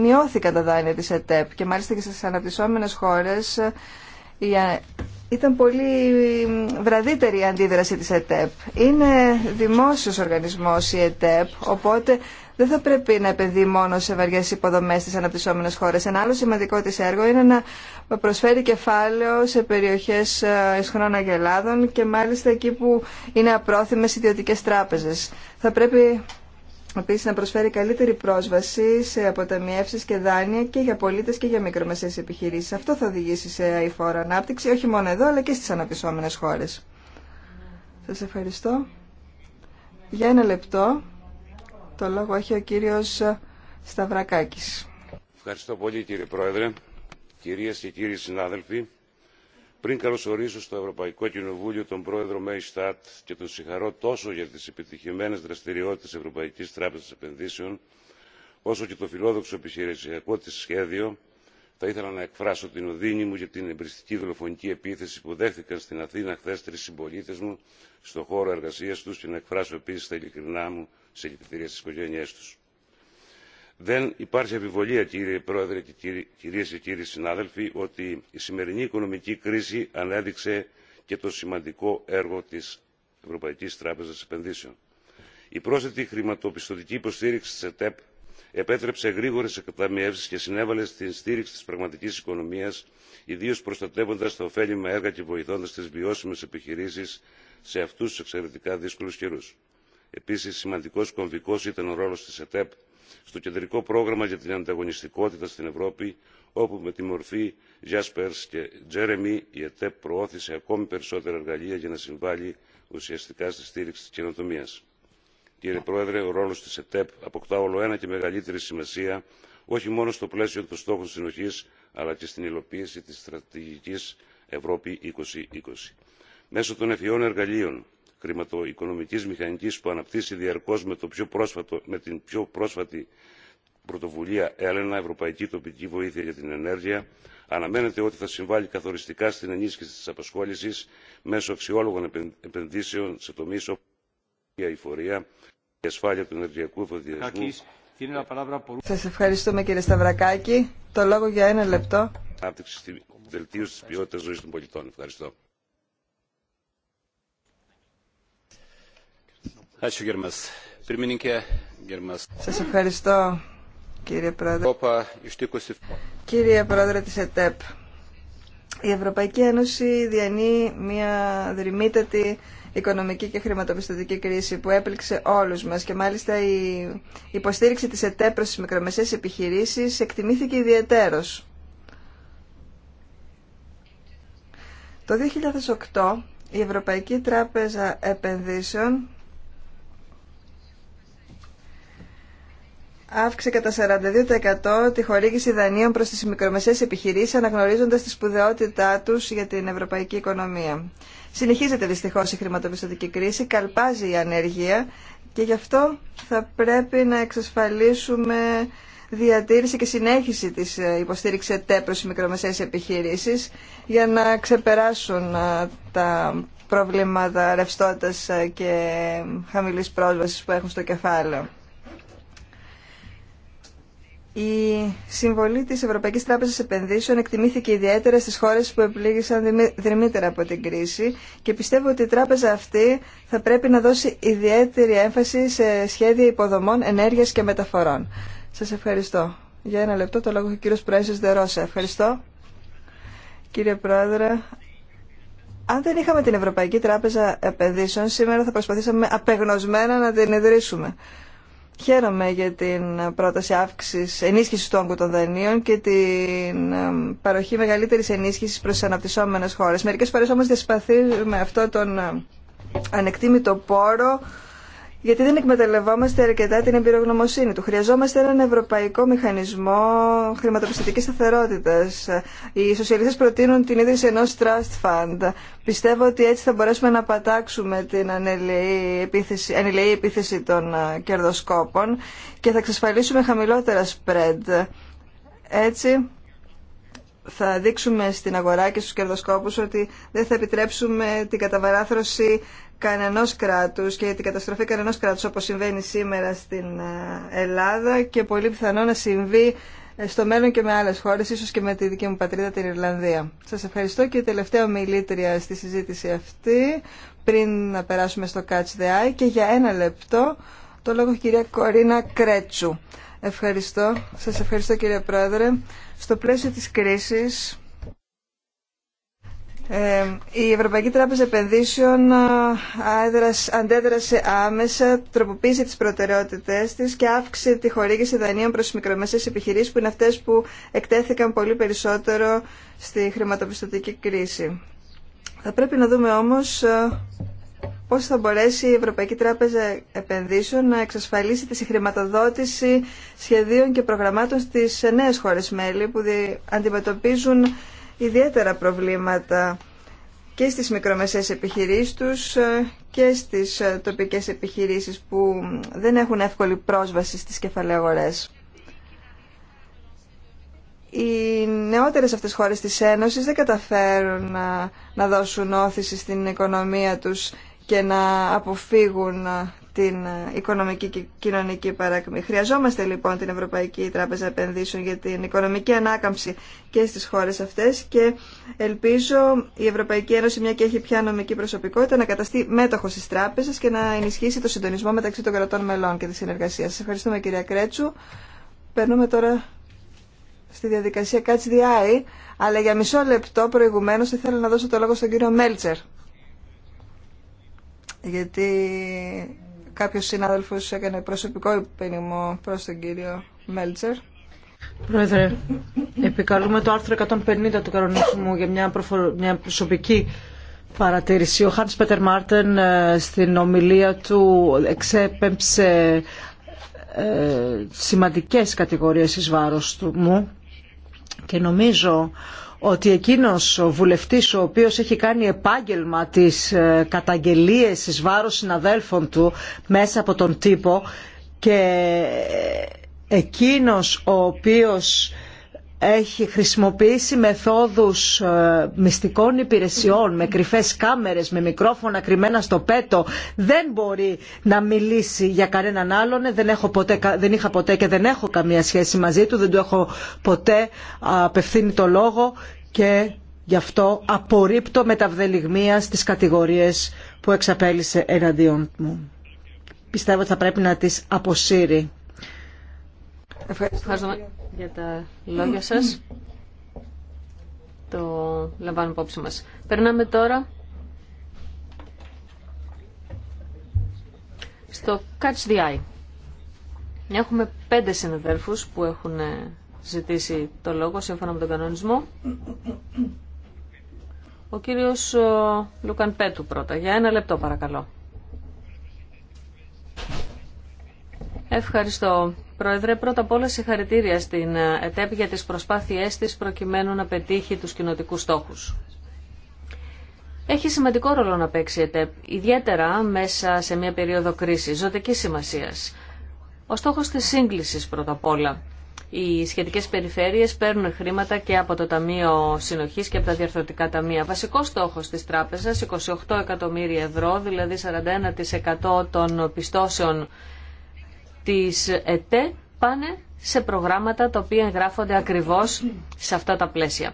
μειώθηκαν τα δάνεια τη ΕΤΕΠ. Και μάλιστα και στι αναπτυσσόμενε χώρε ε, ήταν πολύ βραδύτερη η αντίδραση της ΕΤΕΠ. Είναι δημόσιος οργανισμός η ΕΤΕΠ, οπότε δεν θα πρέπει να επενδύει μόνο σε βαριές υποδομές της αναπτυσσόμενες χώρες. Ένα άλλο σημαντικό της έργο είναι να προσφέρει κεφάλαιο σε περιοχές ε, ισχνών αγελάδων και μάλιστα εκεί που είναι απρόθυμες ιδιωτικές τράπεζες. Θα πρέπει Επίση, να προσφέρει καλύτερη πρόσβαση σε αποταμιεύσει και δάνεια και για πολίτες και για μικρομεσαίες επιχειρήσεις. Αυτό θα οδηγήσει σε αηφόρο ανάπτυξη, όχι μόνο εδώ, αλλά και στις αναπτυσσόμενες χώρες. Σα ευχαριστώ. Για ένα λεπτό, το λόγο έχει ο κύριο Σταυρακάκη. Ευχαριστώ πολύ κύριε Πρόεδρε, κυρίες και κύριοι συνάδελφοι πριν καλωσορίσω στο ευρωπαϊκό κοινοβούλιο τον πρόεδρο maystadt και τον συγχαρώ τόσο για τις επιτυχημένες δραστηριότητες της ευρωπαϊκής τράπεζας επενδύσεων όσο και το φιλόδοξο επιχειρησιακό της σχέδιο θα ήθελα να εκφράσω την οδύνη μου για την εμπριστική δολοφονική επίθεση που δέχτηκαν στην αθήνα χθε τρει συμπολίτε μου στον χώρο εργασία του και να εκφράσω επίση τα ειλικρινά μου σε συλληπιτήρια στι οικογένειέ του δεν υπάρχει αμφιβολία κύριε πρόεδρε και κυρίες και κύριοι συνάδελφοι ότι η σημερινή οικονομική κρίση ανέδειξε και το σημαντικό έργο της ευρωπαϊκής τράπεζας επενδύσεων. η πρόσθετη χρηματοπιστωτική υποστήριξη της ετεπ επέτρεψε γρήγορε εκταμιεύσει και συνέβαλε στην στήριξη τη πραγματική οικονομία ιδίω προστατεύοντα τα ωφέλιμα έργα και βοηθώντα τι βιώσιμε επιχειρήσει σε αυτού του εξαιρετικά δύσκολου καιρού. επίση σημαντικό κομβικό ήταν ο ρόλο τη ετεπ στο κεντρικό πρόγραμμα για την ανταγωνιστικότητα στην Ευρώπη, όπου με τη μορφή Jaspers και Jeremy η ΕΤΕΠ προώθησε ακόμη περισσότερα εργαλεία για να συμβάλλει ουσιαστικά στη στήριξη της καινοτομίας. Κύριε Πρόεδρε, ο ρόλος της ΕΤΕΠ αποκτά όλο ένα και μεγαλύτερη σημασία όχι μόνο στο πλαίσιο των στόχων συνοχής αλλά και στην υλοποίηση της στρατηγικής Ευρώπη 2020. Μέσω των ευφυών εργαλείων χρηματοοικονομικής μηχανικής που αναπτύσσει διαρκώς με, την πιο πρόσφατη πρωτοβουλία Έλενα, Ευρωπαϊκή Τοπική Βοήθεια για την Ενέργεια, αναμένεται ότι θα συμβάλλει καθοριστικά στην ενίσχυση της απασχόλησης μέσω αξιόλογων επενδύσεων σε τομείς όπως η αηφορία, η ασφάλεια του ενεργειακού εφοδιασμού. Σα ευχαριστούμε κύριε Σταυρακάκη. Το λόγο για ένα λεπτό. Ευχαριστώ. Σας ευχαριστώ κύριε Πρόεδρε. Κύριε Πρόεδρε της ΕΤΕΠ, η Ευρωπαϊκή Ένωση διανύει μια δρυμύτατη οικονομική και χρηματοπιστωτική κρίση που έπληξε όλους μας και μάλιστα η υποστήριξη της ΕΤΕΠ προς τις μικρομεσαίες επιχειρήσεις εκτιμήθηκε ιδιαιτέρως. Το 2008 η Ευρωπαϊκή Τράπεζα Επενδύσεων αύξησε κατά 42% τη χορήγηση δανείων προς τις μικρομεσαίες επιχειρήσεις αναγνωρίζοντας τη σπουδαιότητά τους για την ευρωπαϊκή οικονομία. Συνεχίζεται δυστυχώς η χρηματοπιστωτική κρίση, καλπάζει η ανεργία και γι' αυτό θα πρέπει να εξασφαλίσουμε διατήρηση και συνέχιση της ε, υποστήριξης ΕΤΕ προς τις μικρομεσαίες επιχειρήσεις για να ξεπεράσουν ε, τα προβλήματα ρευστότητας ε, και χαμηλής πρόσβασης που έχουν στο κεφάλαιο. Η συμβολή της Ευρωπαϊκής Τράπεζας Επενδύσεων εκτιμήθηκε ιδιαίτερα στις χώρες που επλήγησαν δρυμύτερα από την κρίση και πιστεύω ότι η τράπεζα αυτή θα πρέπει να δώσει ιδιαίτερη έμφαση σε σχέδια υποδομών, ενέργειας και μεταφορών. Σας ευχαριστώ. Για ένα λεπτό το λόγο ο κύριος Πρόεδρο Δερόσα. Ευχαριστώ. Κύριε Πρόεδρε, αν δεν είχαμε την Ευρωπαϊκή Τράπεζα Επενδύσεων, σήμερα θα προσπαθήσαμε απεγνωσμένα να την ιδρύσουμε. Χαίρομαι για την πρόταση αύξησης, ενίσχυσης του όγκου των δανείων και την παροχή μεγαλύτερης ενίσχυσης προς τις αναπτυσσόμενες χώρες. Μερικές φορές όμως διασπαθεί με αυτό τον ανεκτήμητο πόρο γιατί δεν εκμεταλλευόμαστε αρκετά την εμπειρογνωμοσύνη του. Χρειαζόμαστε έναν ευρωπαϊκό μηχανισμό χρηματοπιστωτική σταθερότητα. Οι σοσιαλιστέ προτείνουν την ίδρυση ενό trust fund. Πιστεύω ότι έτσι θα μπορέσουμε να πατάξουμε την ανελαιή επίθεση, επίθεση των ε, κερδοσκόπων και θα εξασφαλίσουμε χαμηλότερα spread. Έτσι θα δείξουμε στην αγορά και στους κερδοσκόπους ότι δεν θα επιτρέψουμε την καταβαράθρωση κανενός κράτου και την καταστροφή κανενός κράτου όπως συμβαίνει σήμερα στην ε, Ελλάδα και πολύ πιθανό να συμβεί ε, στο μέλλον και με άλλες χώρες, ίσως και με τη δική μου πατρίδα την Ιρλανδία. Σας ευχαριστώ και η τελευταία ομιλήτρια στη συζήτηση αυτή πριν να περάσουμε στο Catch the Eye και για ένα λεπτό το λόγο κυρία Κορίνα Κρέτσου. Ευχαριστώ. Σας ευχαριστώ κύριε Πρόεδρε. Στο πλαίσιο της κρίσης ε, η Ευρωπαϊκή Τράπεζα Επενδύσεων ε, αντέδρασε άμεσα, τροποποίησε τις προτεραιότητές της και αύξησε τη χορήγηση δανείων προς μικρομεσαίες επιχειρήσεις που είναι αυτές που εκτέθηκαν πολύ περισσότερο στη χρηματοπιστωτική κρίση. Θα πρέπει να δούμε όμως ε, πώς θα μπορέσει η Ευρωπαϊκή Τράπεζα Επενδύσεων να εξασφαλίσει τη συγχρηματοδότηση σχεδίων και προγραμμάτων στις νέες χώρες μέλη που αντιμετωπίζουν ιδιαίτερα προβλήματα και στις μικρομεσαίες επιχειρήσεις τους ε, και στις ε, τοπικές επιχειρήσεις που δεν έχουν εύκολη πρόσβαση στις κεφαλαίες Οι νεότερες αυτές χώρες της Ένωσης δεν καταφέρουν να, να δώσουν όθηση στην οικονομία τους και να αποφύγουν ε, την οικονομική και κοινωνική παρακμή. Χρειαζόμαστε λοιπόν την Ευρωπαϊκή Τράπεζα Επενδύσεων για την οικονομική ανάκαμψη και στις χώρες αυτές και ελπίζω η Ευρωπαϊκή Ένωση, μια και έχει πια νομική προσωπικότητα, να καταστεί μέτοχος της τράπεζας και να ενισχύσει το συντονισμό μεταξύ των κρατών μελών και της συνεργασίας. Σας ευχαριστούμε κυρία Κρέτσου. Περνούμε τώρα στη διαδικασία Catch the Eye, αλλά για μισό λεπτό προηγουμένως ήθελα να δώσω το λόγο στον κύριο Μέλτσερ γιατί κάποιος συνάδελφος έκανε προσωπικό υπενημό προς τον κύριο Μέλτσερ. Πρόεδρε, επικαλούμε το άρθρο 150 του κανονισμού για μια, προφο... μια προσωπική παρατήρηση. Ο Χάνς Πέτερ Μάρτεν ε, στην ομιλία του εξέπεμψε ε, σημαντικές κατηγορίες εις βάρος του μου και νομίζω ότι εκείνος ο βουλευτής ο οποίος έχει κάνει επάγγελμα τις ε, καταγγελίες εις βάρος συναδέλφων του μέσα από τον τύπο και εκείνος ο οποίος έχει χρησιμοποιήσει μεθόδους ε, μυστικών υπηρεσιών με κρυφές κάμερες, με μικρόφωνα κρυμμένα στο πέτο. Δεν μπορεί να μιλήσει για κανέναν άλλον. Δεν, έχω ποτέ, δεν είχα ποτέ και δεν έχω καμία σχέση μαζί του. Δεν του έχω ποτέ απευθύνει το λόγο και γι' αυτό απορρίπτω με τα στις κατηγορίες που εξαπέλυσε εναντίον μου. Πιστεύω ότι θα πρέπει να τις αποσύρει. Ευχαριστώ για τα λόγια σας. Το λαμβάνουμε υπόψη μας. Περνάμε τώρα στο Catch the Eye. Έχουμε πέντε συναδέλφους που έχουν ε, ζητήσει το λόγο σύμφωνα με τον κανονισμό. Ο κύριος Λουκαν Πέτου πρώτα. Για ένα λεπτό παρακαλώ. Ευχαριστώ Πρόεδρε, πρώτα απ' όλα συγχαρητήρια στην ΕΤΕΠ για τις προσπάθειές της προκειμένου να πετύχει τους κοινοτικού στόχους. Έχει σημαντικό ρόλο να παίξει η ΕΤΕΠ, ιδιαίτερα μέσα σε μια περίοδο κρίσης, ζωτικής σημασίας. Ο στόχος της σύγκλησης πρώτα απ' όλα. Οι σχετικές περιφέρειες παίρνουν χρήματα και από το Ταμείο Συνοχής και από τα Διαρθρωτικά Ταμεία. Βασικός στόχος της τράπεζας, 28 εκατομμύρια ευρώ, δηλαδή 41% των πιστώσεων της ΕΤΕ πάνε σε προγράμματα τα οποία εγγράφονται ακριβώς σε αυτά τα πλαίσια.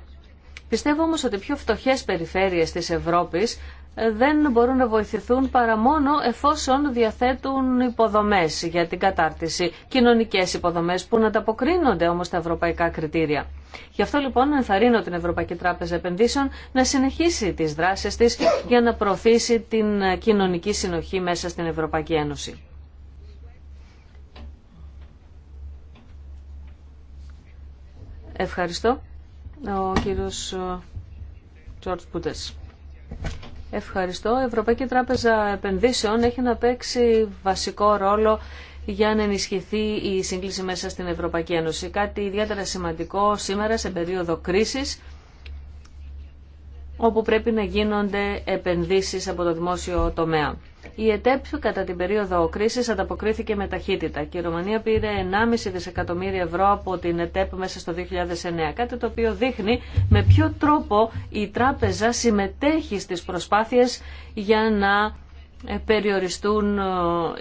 Πιστεύω όμως ότι οι πιο φτωχές περιφέρειες της Ευρώπης ε, δεν μπορούν να βοηθηθούν παρά μόνο εφόσον διαθέτουν υποδομές για την κατάρτιση, κοινωνικές υποδομές που να ανταποκρίνονται όμως τα ευρωπαϊκά κριτήρια. Γι' αυτό λοιπόν ενθαρρύνω την Ευρωπαϊκή Τράπεζα Επενδύσεων να συνεχίσει τις δράσεις της για να προωθήσει την κοινωνική συνοχή μέσα στην Ευρωπαϊκή Ένωση. Ευχαριστώ. Ο κύριος Τζορτ ε, Πούτες. Ευχαριστώ. Η Ευρωπαϊκή Τράπεζα Επενδύσεων έχει να παίξει βασικό ρόλο για να ενισχυθεί η σύγκληση μέσα στην Ευρωπαϊκή Ένωση. Κάτι ιδιαίτερα σημαντικό σήμερα σε περίοδο κρίσης όπου πρέπει να γίνονται επενδύσεις από το δημόσιο τομέα. Η ΕΤΕΠ κατά την περίοδο κρίση ανταποκρίθηκε με ταχύτητα και η Ρωμανία πήρε 1,5 δισεκατομμύρια ευρώ από την ΕΤΕΠ μέσα στο 2009. Κάτι το οποίο δείχνει με ποιο τρόπο η τράπεζα συμμετέχει στι προσπάθειες για να ε, περιοριστούν ε,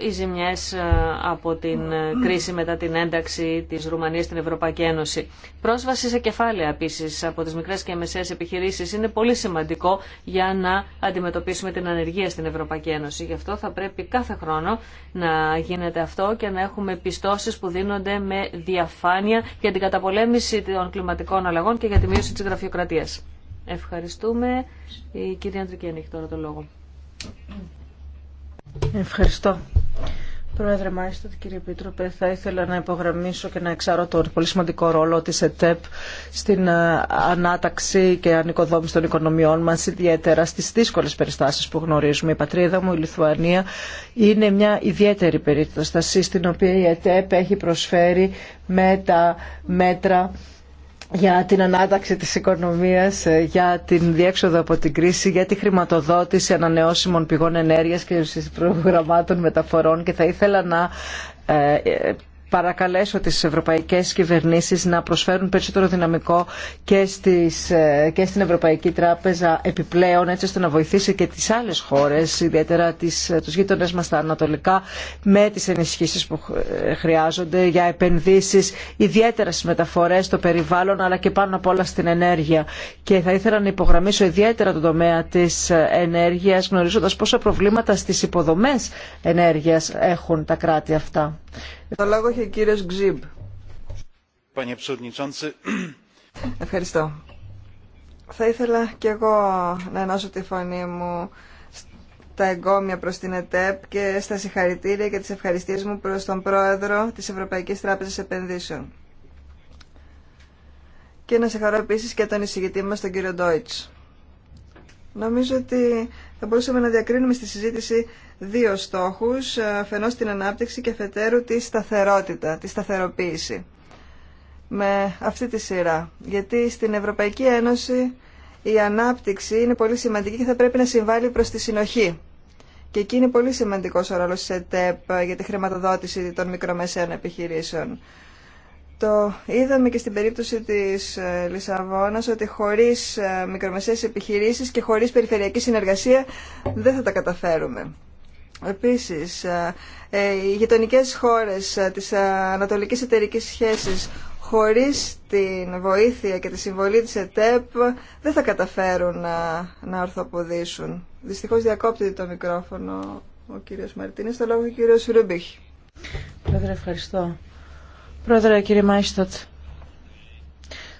οι ζημιές ε, από την κρίση μετά την ένταξη της Ρουμανίας στην Ευρωπαϊκή Ένωση. Πρόσβαση σε κεφάλαια επίσης από τις μικρές και μεσαίες επιχειρήσεις είναι πολύ σημαντικό για να αντιμετωπίσουμε την ανεργία στην Ευρωπαϊκή Ένωση. Γι' αυτό θα πρέπει κάθε χρόνο να γίνεται αυτό και να έχουμε πιστώσεις που δίνονται με διαφάνεια για την καταπολέμηση των κλιματικών αλλαγών και για τη μείωση της γραφειοκρατίας. Ευχαριστούμε. Η κυρία Αντρικένη έχει τώρα το λόγο. Ευχαριστώ. Πρόεδρε, μάλιστα, κύριε Πίτροπε, θα ήθελα να υπογραμμίσω και να εξάρω τον πολύ σημαντικό ρόλο τη ΕΤΕΠ στην ε, ανάταξη και ανοικοδόμηση των οικονομιών μα, ιδιαίτερα στι δύσκολε περιστάσει που γνωρίζουμε. Η πατρίδα μου, η Λιθουανία, είναι μια ιδιαίτερη περίπτωση στην οποία η ΕΤΕΠ έχει προσφέρει με τα μέτρα για την ανάταξη της οικονομίας, ε, για την διέξοδο από την κρίση, για τη χρηματοδότηση ανανεώσιμων πηγών ενέργειας και προγραμμάτων μεταφορών και θα ήθελα να ε, ε, παρακαλέσω τις ευρωπαϊκές κυβερνήσεις να προσφέρουν περισσότερο δυναμικό και, στις, ε, και στην Ευρωπαϊκή Τράπεζα επιπλέον έτσι ώστε να βοηθήσει και τις άλλες χώρες, ιδιαίτερα τις, ε, τους γείτονες μας τα ανατολικά με τις ενισχύσεις που ε, χρειάζονται για επενδύσεις, ιδιαίτερα στις μεταφορές, στο περιβάλλον αλλά και πάνω απ' όλα στην ενέργεια. Και θα ήθελα να υπογραμμίσω ιδιαίτερα τον τομέα της ενέργειας γνωρίζοντας πόσα προβλήματα στις υποδομές ενέργειας έχουν τα κράτη αυτά. Το λόγο έχει ο Ευχαριστώ. Θα ήθελα κι εγώ να ενώσω τη φωνή μου στα εγκόμια προς την ΕΤΕΠ και στα συγχαρητήρια και τις ευχαριστίες μου προς τον Πρόεδρο της Ευρωπαϊκής Τράπεζας Επενδύσεων. Και να συγχαρώ επίσης και τον εισηγητή μας, τον κύριο Ντόιτς. Νομίζω ότι θα μπορούσαμε να διακρίνουμε στη συζήτηση δύο στόχους, ε, αφενός την ανάπτυξη και αφετέρου τη σταθερότητα, τη σταθεροποίηση. Με αυτή τη σειρά. Γιατί στην Ευρωπαϊκή Ένωση η ανάπτυξη είναι πολύ σημαντική και θα πρέπει να συμβάλλει προς τη συνοχή. Και εκεί είναι πολύ σημαντικό ο ρόλο τη ΕΤΕΠ για τη χρηματοδότηση των μικρομεσαίων επιχειρήσεων. Το είδαμε και στην περίπτωση της ε, Λισαβόνας ότι χωρίς ε, μικρομεσαίες επιχειρήσεις και χωρίς περιφερειακή συνεργασία δεν θα τα καταφέρουμε. Επίσης, ε, οι γειτονικέ χώρες ε, της ε, ανατολικής εταιρικής σχέσης χωρίς την βοήθεια και τη συμβολή της ΕΤΕΠ δεν θα καταφέρουν να, να ορθοποδήσουν. Δυστυχώς διακόπτει το μικρόφωνο ο κύριος Μαρτίνης, το λόγο ο κύριος Ρούμπιχ. Πρόεδρε, ευχαριστώ. Πρόεδρε, κύριε Μάιστατ,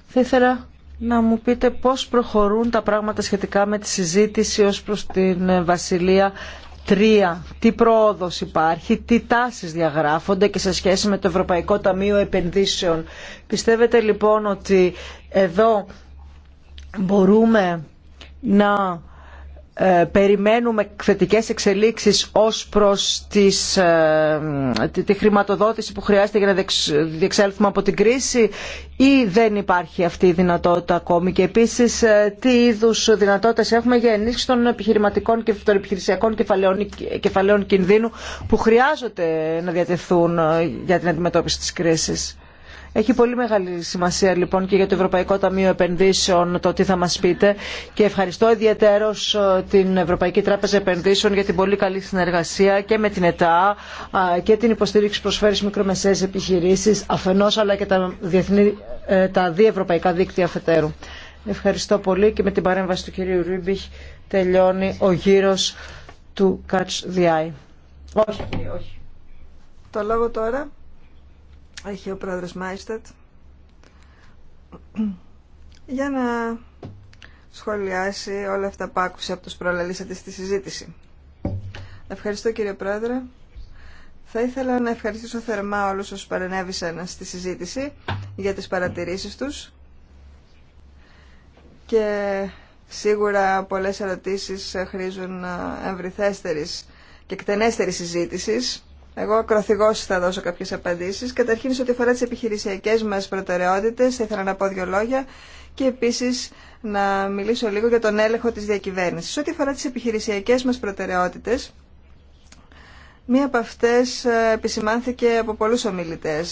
θα ήθελα να μου πείτε πώς προχωρούν τα πράγματα σχετικά με τη συζήτηση ως προς την Βασιλεία Τρία, τι πρόοδος υπάρχει, τι τάσεις διαγράφονται και σε σχέση με το Ευρωπαϊκό Ταμείο Επενδύσεων. Πιστεύετε λοιπόν ότι εδώ μπορούμε να ε, περιμένουμε θετικές εξελίξεις ως προς ε, τη χρηματοδότηση που χρειάζεται για να διεξέλθουμε από την κρίση ή δεν υπάρχει αυτή η δυνατότητα ακόμη και επίσης ε, τι είδους δυνατότητες έχουμε για ενίσχυση των επιχειρηματικών και των επιχειρησιακών κεφαλαίων, κεφαλαίων κινδύνου που χρειάζονται να διατεθούν για την αντιμετώπιση της κρίσης. Έχει πολύ μεγάλη σημασία λοιπόν και για το Ευρωπαϊκό Ταμείο Επενδύσεων το τι θα μας πείτε και ευχαριστώ ιδιαίτερος ε, την Ευρωπαϊκή Τράπεζα Επενδύσεων για την πολύ καλή συνεργασία και με την ΕΤΑ και την υποστήριξη προσφέρει μικρομεσαίες επιχειρήσεις αφενός αλλά και τα, διεθνή, ε, τα διευρωπαϊκά δίκτυα αφετέρου. Ευχαριστώ πολύ και με την παρέμβαση του κυρίου Ρούμπιχ τελειώνει ο γύρος του Catch the Eye. Όχι, όχι. Το λόγο τώρα έχει ο πρόεδρος Μάιστατ για να σχολιάσει όλα αυτά που άκουσε από τους προλαλήσατες στη συζήτηση. Ευχαριστώ κύριε πρόεδρε. Θα ήθελα να ευχαριστήσω θερμά όλους όσους παρενέβησαν στη συζήτηση για τις παρατηρήσεις τους και σίγουρα πολλές ερωτήσεις χρήζουν ευρυθέστερης και εκτενέστερης συζήτησης εγώ ακροθυγώ θα δώσω κάποιε απαντήσει. Καταρχήν, σε ό,τι αφορά τι επιχειρησιακέ μα προτεραιότητε, θα ήθελα να πω δύο λόγια και επίση να μιλήσω λίγο για τον έλεγχο τη διακυβέρνηση. Σε ό,τι αφορά τι επιχειρησιακέ μα προτεραιότητε, μία από αυτέ ε, επισημάνθηκε από πολλού ομιλητέ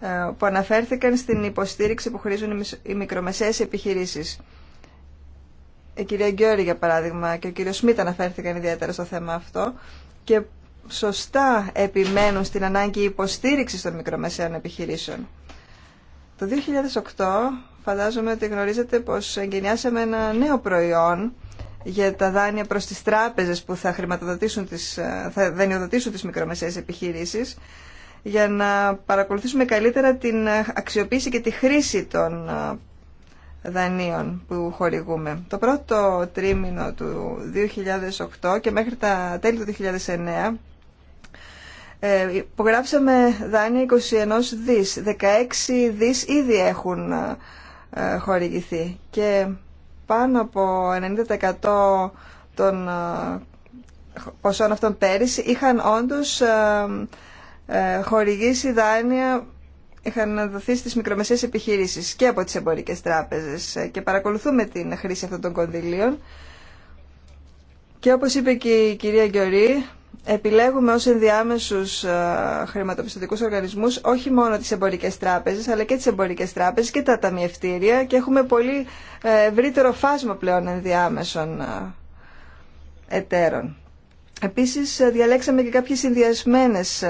ε, που αναφέρθηκαν στην υποστήριξη που χρήζουν οι μικρομεσαίες επιχειρήσεις. Η κυρία Γκιόρη, για παράδειγμα, και ο κύριο Σμίτ αναφέρθηκαν ιδιαίτερα στο θέμα αυτό και σωστά επιμένουν στην ανάγκη υποστήριξης των μικρομεσαίων επιχειρήσεων. Το 2008 φαντάζομαι ότι γνωρίζετε πως εγκαινιάσαμε ένα νέο προϊόν για τα δάνεια προς τις τράπεζες που θα, χρηματοδοτήσουν τις, ε, θα δανειοδοτήσουν τις μικρομεσαίες επιχειρήσεις για να παρακολουθήσουμε καλύτερα την ε, αξιοποίηση και τη χρήση των ε, δανείων που χορηγούμε. Το πρώτο τρίμηνο του 2008 και μέχρι τα τέλη του 2009 ε, υπογράψαμε δάνεια 21 δις. 16 δις ήδη έχουν ε, ε, χορηγηθεί και πάνω από 90% των ποσών αυτών πέρυσι είχαν όντως χορηγήσει δάνεια είχαν δοθεί στις μικρομεσαίες επιχειρήσεις και από τις εμπορικές τράπεζες και παρακολουθούμε την χρήση αυτών των κονδυλίων και όπως είπε και η κυρία Γκιορή, επιλέγουμε ως ενδιάμεσους ε, χρηματοπιστωτικούς οργανισμούς όχι μόνο τις εμπορικές τράπεζες αλλά και τις εμπορικές τράπεζες και τα ταμιευτήρια και έχουμε πολύ ε, ευρύτερο φάσμα πλέον ενδιάμεσων ε, εταίρων. Επίσης διαλέξαμε και κάποιες συνδυασμένες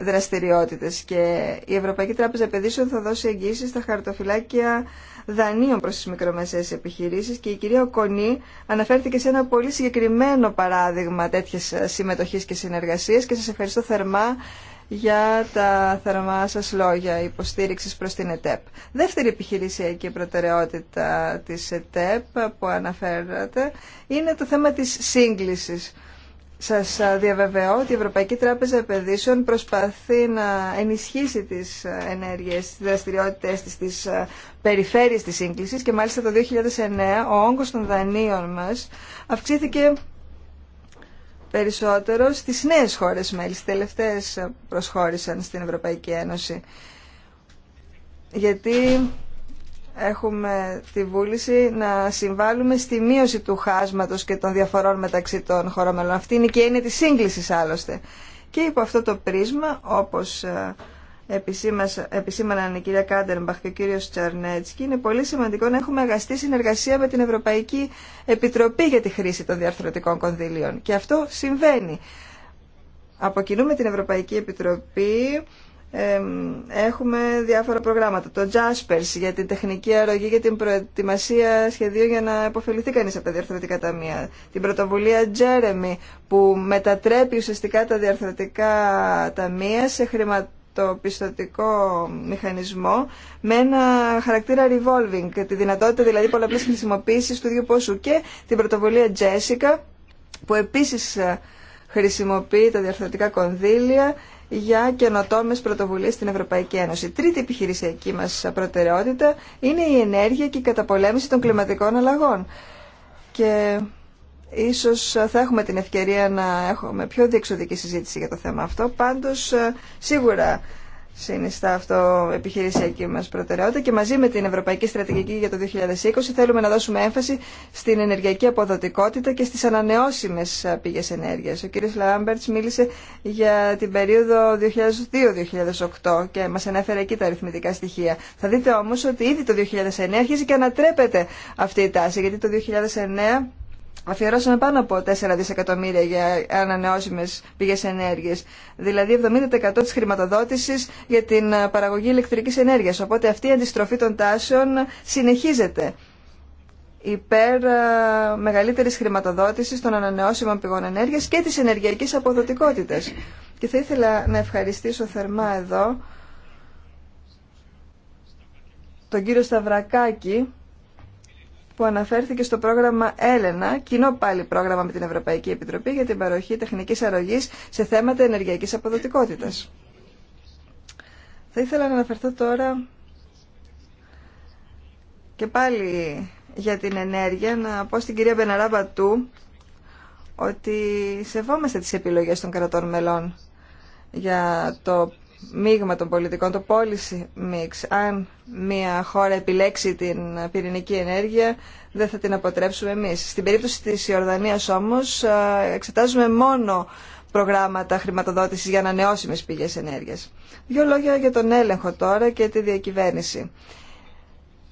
δραστηριότητες και η Ευρωπαϊκή Τράπεζα Επενδύσεων θα δώσει εγγύσεις στα χαρτοφυλάκια δανείων προς τις μικρομεσαίες επιχειρήσεις και η κυρία Κονή αναφέρθηκε σε ένα πολύ συγκεκριμένο παράδειγμα τέτοιες ε, συμμετοχής και συνεργασίες και σας ευχαριστώ θερμά για τα θερμά σας λόγια υποστήριξης προς την ΕΤΕΠ. Δεύτερη επιχειρησιακή προτεραιότητα της ΕΤΕΠ που αναφέρατε είναι το θέμα της σύγκλησης σας διαβεβαιώ ότι η Ευρωπαϊκή Τράπεζα Επενδύσεων προσπαθεί να ενισχύσει τις ενέργειες, τις δραστηριότητες της, τις περιφέρειες της σύγκλησης και μάλιστα το 2009 ο όγκος των δανείων μας αυξήθηκε περισσότερο στις νέες χώρες μέλη, στις τελευταίες προσχώρησαν στην Ευρωπαϊκή Ένωση. Γιατί έχουμε τη βούληση να συμβάλλουμε στη μείωση του χάσματος και των διαφορών μεταξύ των χωρών μελών. Αυτή είναι και η τη της σύγκλησης άλλωστε. Και υπό αυτό το πρίσμα, όπως ε, επισήμαναν η κυρία Κάντερμπαχ και ο κύριος Τσαρνέτσκι, είναι πολύ σημαντικό να έχουμε αγαστή συνεργασία με την Ευρωπαϊκή Επιτροπή για τη χρήση των διαρθρωτικών κονδυλίων. Και αυτό συμβαίνει. Αποκινούμε την Ευρωπαϊκή Επιτροπή έχουμε διάφορα προγράμματα. Το Jaspers για την τεχνική αρρωγή για την προετοιμασία σχεδίου για να υποφεληθεί κανείς από τα διαρθρωτικά ταμεία. Την πρωτοβουλία Jeremy που μετατρέπει ουσιαστικά τα διαρθρωτικά ταμεία σε χρηματοπιστωτικό μηχανισμό με ένα χαρακτήρα revolving, τη δυνατότητα δηλαδή πολλαπλής χρησιμοποίησης του ίδιου ποσού και την πρωτοβουλία Jessica που επίσης χρησιμοποιεί τα διαρθρωτικά κονδύλια για καινοτόμε πρωτοβουλίε στην Ευρωπαϊκή Ένωση. τρίτη επιχειρησιακή μα προτεραιότητα είναι η ενέργεια και η καταπολέμηση των κλιματικών αλλαγών. Και ίσω θα έχουμε την ευκαιρία να έχουμε πιο διεξοδική συζήτηση για το θέμα αυτό. Πάντω, σίγουρα συνιστά αυτό επιχειρησιακή μας προτεραιότητα και μαζί με την Ευρωπαϊκή Στρατηγική για το 2020 θέλουμε να δώσουμε έμφαση στην ενεργειακή αποδοτικότητα και στις ανανεώσιμες πηγές ενέργειας. Ο κ. Λάμπερτς μίλησε για την περίοδο 2002-2008 και μας ανέφερε εκεί τα αριθμητικά στοιχεία. Θα δείτε όμως ότι ήδη το 2009 αρχίζει και ανατρέπεται αυτή η τάση γιατί το 2009 Αφιερώσαμε πάνω από 4 δισεκατομμύρια για ανανεώσιμες πηγές ενέργειας, δηλαδή 70% της χρηματοδότησης για την ε, παραγωγή ηλεκτρικής ενέργειας. Οπότε αυτή η αντιστροφή των τάσεων συνεχίζεται υπέρ ε, μεγαλύτερης χρηματοδότησης των ανανεώσιμων πηγών ενέργειας και της ενεργειακής αποδοτικότητας. Και θα ήθελα να ευχαριστήσω θερμά εδώ τον κύριο Σταυρακάκη που αναφέρθηκε στο πρόγραμμα Έλενα, κοινό πάλι πρόγραμμα με την Ευρωπαϊκή Επιτροπή για την παροχή τεχνική αρρωγή σε θέματα ενεργειακή αποδοτικότητα. Θα ήθελα να αναφερθώ τώρα και πάλι για την ενέργεια να πω στην κυρία Μπεναράμπα του ότι σεβόμαστε τις επιλογές των κρατών μελών για το μείγμα των πολιτικών, το policy mix. Αν μια χώρα επιλέξει την πυρηνική ενέργεια, δεν θα την αποτρέψουμε εμείς. Στην περίπτωση της Ιορδανίας όμως, εξετάζουμε μόνο προγράμματα χρηματοδότησης για ανανεώσιμες πηγές ενέργειας. Δύο λόγια για τον έλεγχο τώρα και τη διακυβέρνηση.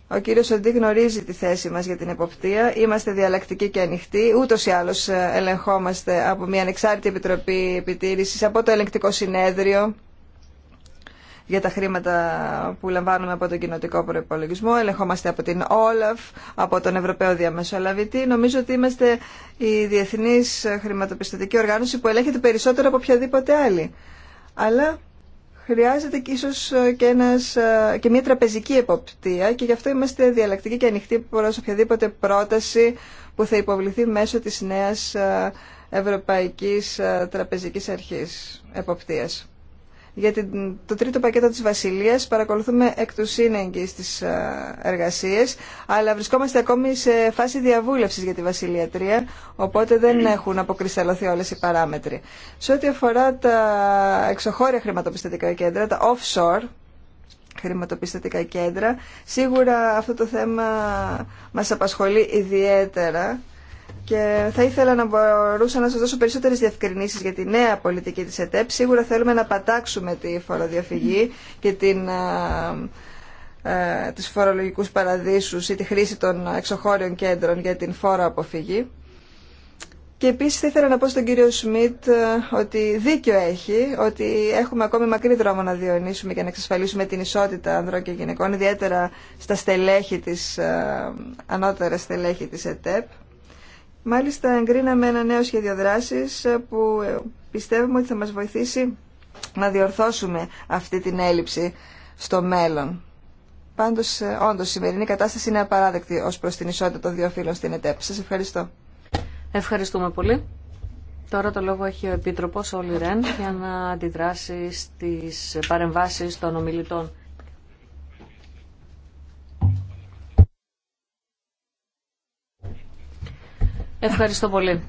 Ο κύριο Σοντή γνωρίζει τη θέση μα για την εποπτεία. Είμαστε διαλλακτικοί και ανοιχτοί. Ούτω ή άλλω ε, ελεγχόμαστε από μια ανεξάρτητη επιτροπή επιτήρηση, από το ελεγκτικό συνέδριο για τα χρήματα που λαμβάνουμε από τον κοινοτικό προπολογισμό. Ελεγχόμαστε από την Όλαφ, από τον Ευρωπαίο Διαμεσολαβητή. Νομίζω ότι είμαστε η διεθνή χρηματοπιστωτική οργάνωση που ελέγχεται περισσότερο από οποιαδήποτε άλλη. Αλλά χρειάζεται και ίσως και, και μια τραπεζική εποπτεία και γι' αυτό είμαστε διαλλακτικοί και ανοιχτοί προς οποιαδήποτε πρόταση που θα υποβληθεί μέσω της νέας ε, Ευρωπαϊκής ε, Τραπεζικής Αρχής Εποπτείας. Για την, το τρίτο πακέτο της Βασιλείας παρακολουθούμε εκ του σύνεγγυ στις ε, εργασίες, αλλά βρισκόμαστε ακόμη σε φάση διαβούλευσης για τη Βασιλεία 3, οπότε δεν έχουν αποκρισταλωθεί όλες οι παράμετροι. Σε ό,τι αφορά τα εξωχώρια χρηματοπιστωτικά κέντρα, τα offshore, χρηματοπιστωτικά κέντρα. Σίγουρα αυτό το θέμα μας απασχολεί ιδιαίτερα και θα ήθελα να μπορούσα να σας δώσω περισσότερες διευκρινήσεις για τη νέα πολιτική της ΕΤΕΠ. Σίγουρα θέλουμε να πατάξουμε τη φοροδιαφυγή και την, τις φορολογικούς παραδείσους ή τη χρήση των εξωχώριων κέντρων για την φόρο αποφυγή. Και επίσης θα ήθελα να πω στον κύριο Σμιτ ότι δίκιο έχει, ότι έχουμε ακόμη μακρύ δρόμο να διονύσουμε και να εξασφαλίσουμε την ισότητα ανδρών και γυναικών, ιδιαίτερα στα στελέχη της, ανώτερα στελέχη της ΕΤΕΠ. Μάλιστα εγκρίναμε ένα νέο σχέδιο δράσης ε, που ε, πιστεύουμε ότι θα μας βοηθήσει να διορθώσουμε αυτή την έλλειψη στο μέλλον. Πάντως, ε, όντως, η σημερινή κατάσταση είναι απαράδεκτη ως προς την ισότητα των δύο φύλων στην ΕΤΕΠ. Σας ευχαριστώ. Ευχαριστούμε πολύ. Τώρα το λόγο έχει ο Επίτροπος Όλη Ρεν για να αντιδράσει στις παρεμβάσεις των ομιλητών. Ευχαριστώ πολύ.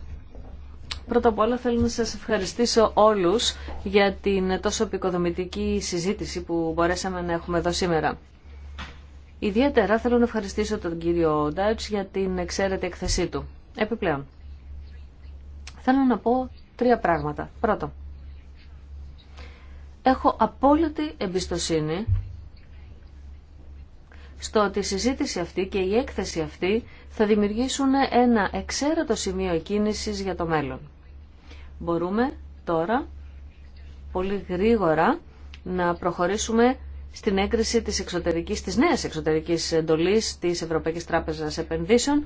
Πρώτα απ' όλα θέλω να σας ευχαριστήσω όλους για την τόσο επικοδομητική συζήτηση που μπορέσαμε να έχουμε εδώ σήμερα. Ιδιαίτερα θέλω να ευχαριστήσω τον κύριο Ντάιτς για την εξαίρετη εκθεσή του. Επιπλέον, θέλω να πω τρία πράγματα. Πρώτον, έχω απόλυτη εμπιστοσύνη στο ότι η συζήτηση αυτή και η έκθεση αυτή θα δημιουργήσουν ένα εξαίρετο σημείο κίνησης για το μέλλον. Μπορούμε τώρα πολύ γρήγορα να προχωρήσουμε στην έγκριση της, εξωτερικής, της νέας εξωτερικής εντολής της Ευρωπαϊκής Τράπεζας Επενδύσεων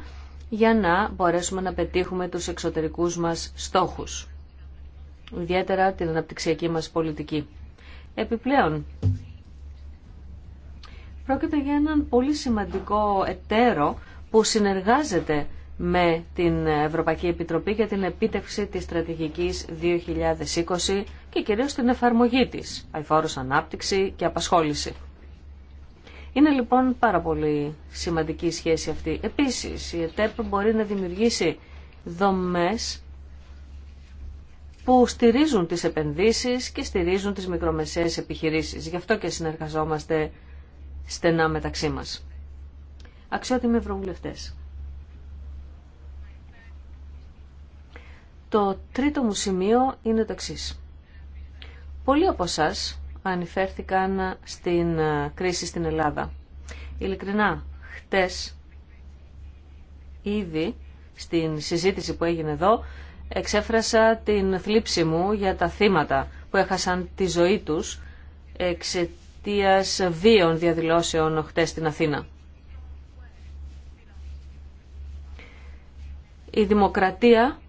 για να μπορέσουμε να πετύχουμε τους εξωτερικούς μας στόχους, ιδιαίτερα την αναπτυξιακή μας πολιτική. Επιπλέον, Πρόκειται για έναν πολύ σημαντικό εταίρο που συνεργάζεται με την Ευρωπαϊκή Επιτροπή για την επίτευξη της στρατηγικής 2020 και κυρίως την εφαρμογή της, αηφόρος ανάπτυξη και απασχόληση. Είναι λοιπόν πάρα πολύ σημαντική η σχέση αυτή. Επίσης, η ΕΤΕΠ μπορεί να δημιουργήσει δομές που στηρίζουν τις επενδύσεις και στηρίζουν τις μικρομεσαίες επιχειρήσεις. Γι' αυτό και συνεργαζόμαστε στενά μεταξύ μας. Αξιότιμοι ευρωβουλευτές. Το τρίτο μου σημείο είναι το εξή. Πολλοί από εσά ανηφέρθηκαν στην ε, κρίση στην Ελλάδα. Ειλικρινά, χτες ήδη στην συζήτηση που έγινε εδώ εξέφρασα την θλίψη μου για τα θύματα που έχασαν τη ζωή τους αιτίας βίων διαδηλώσεων χτες στην Αθήνα. Η δημοκρατία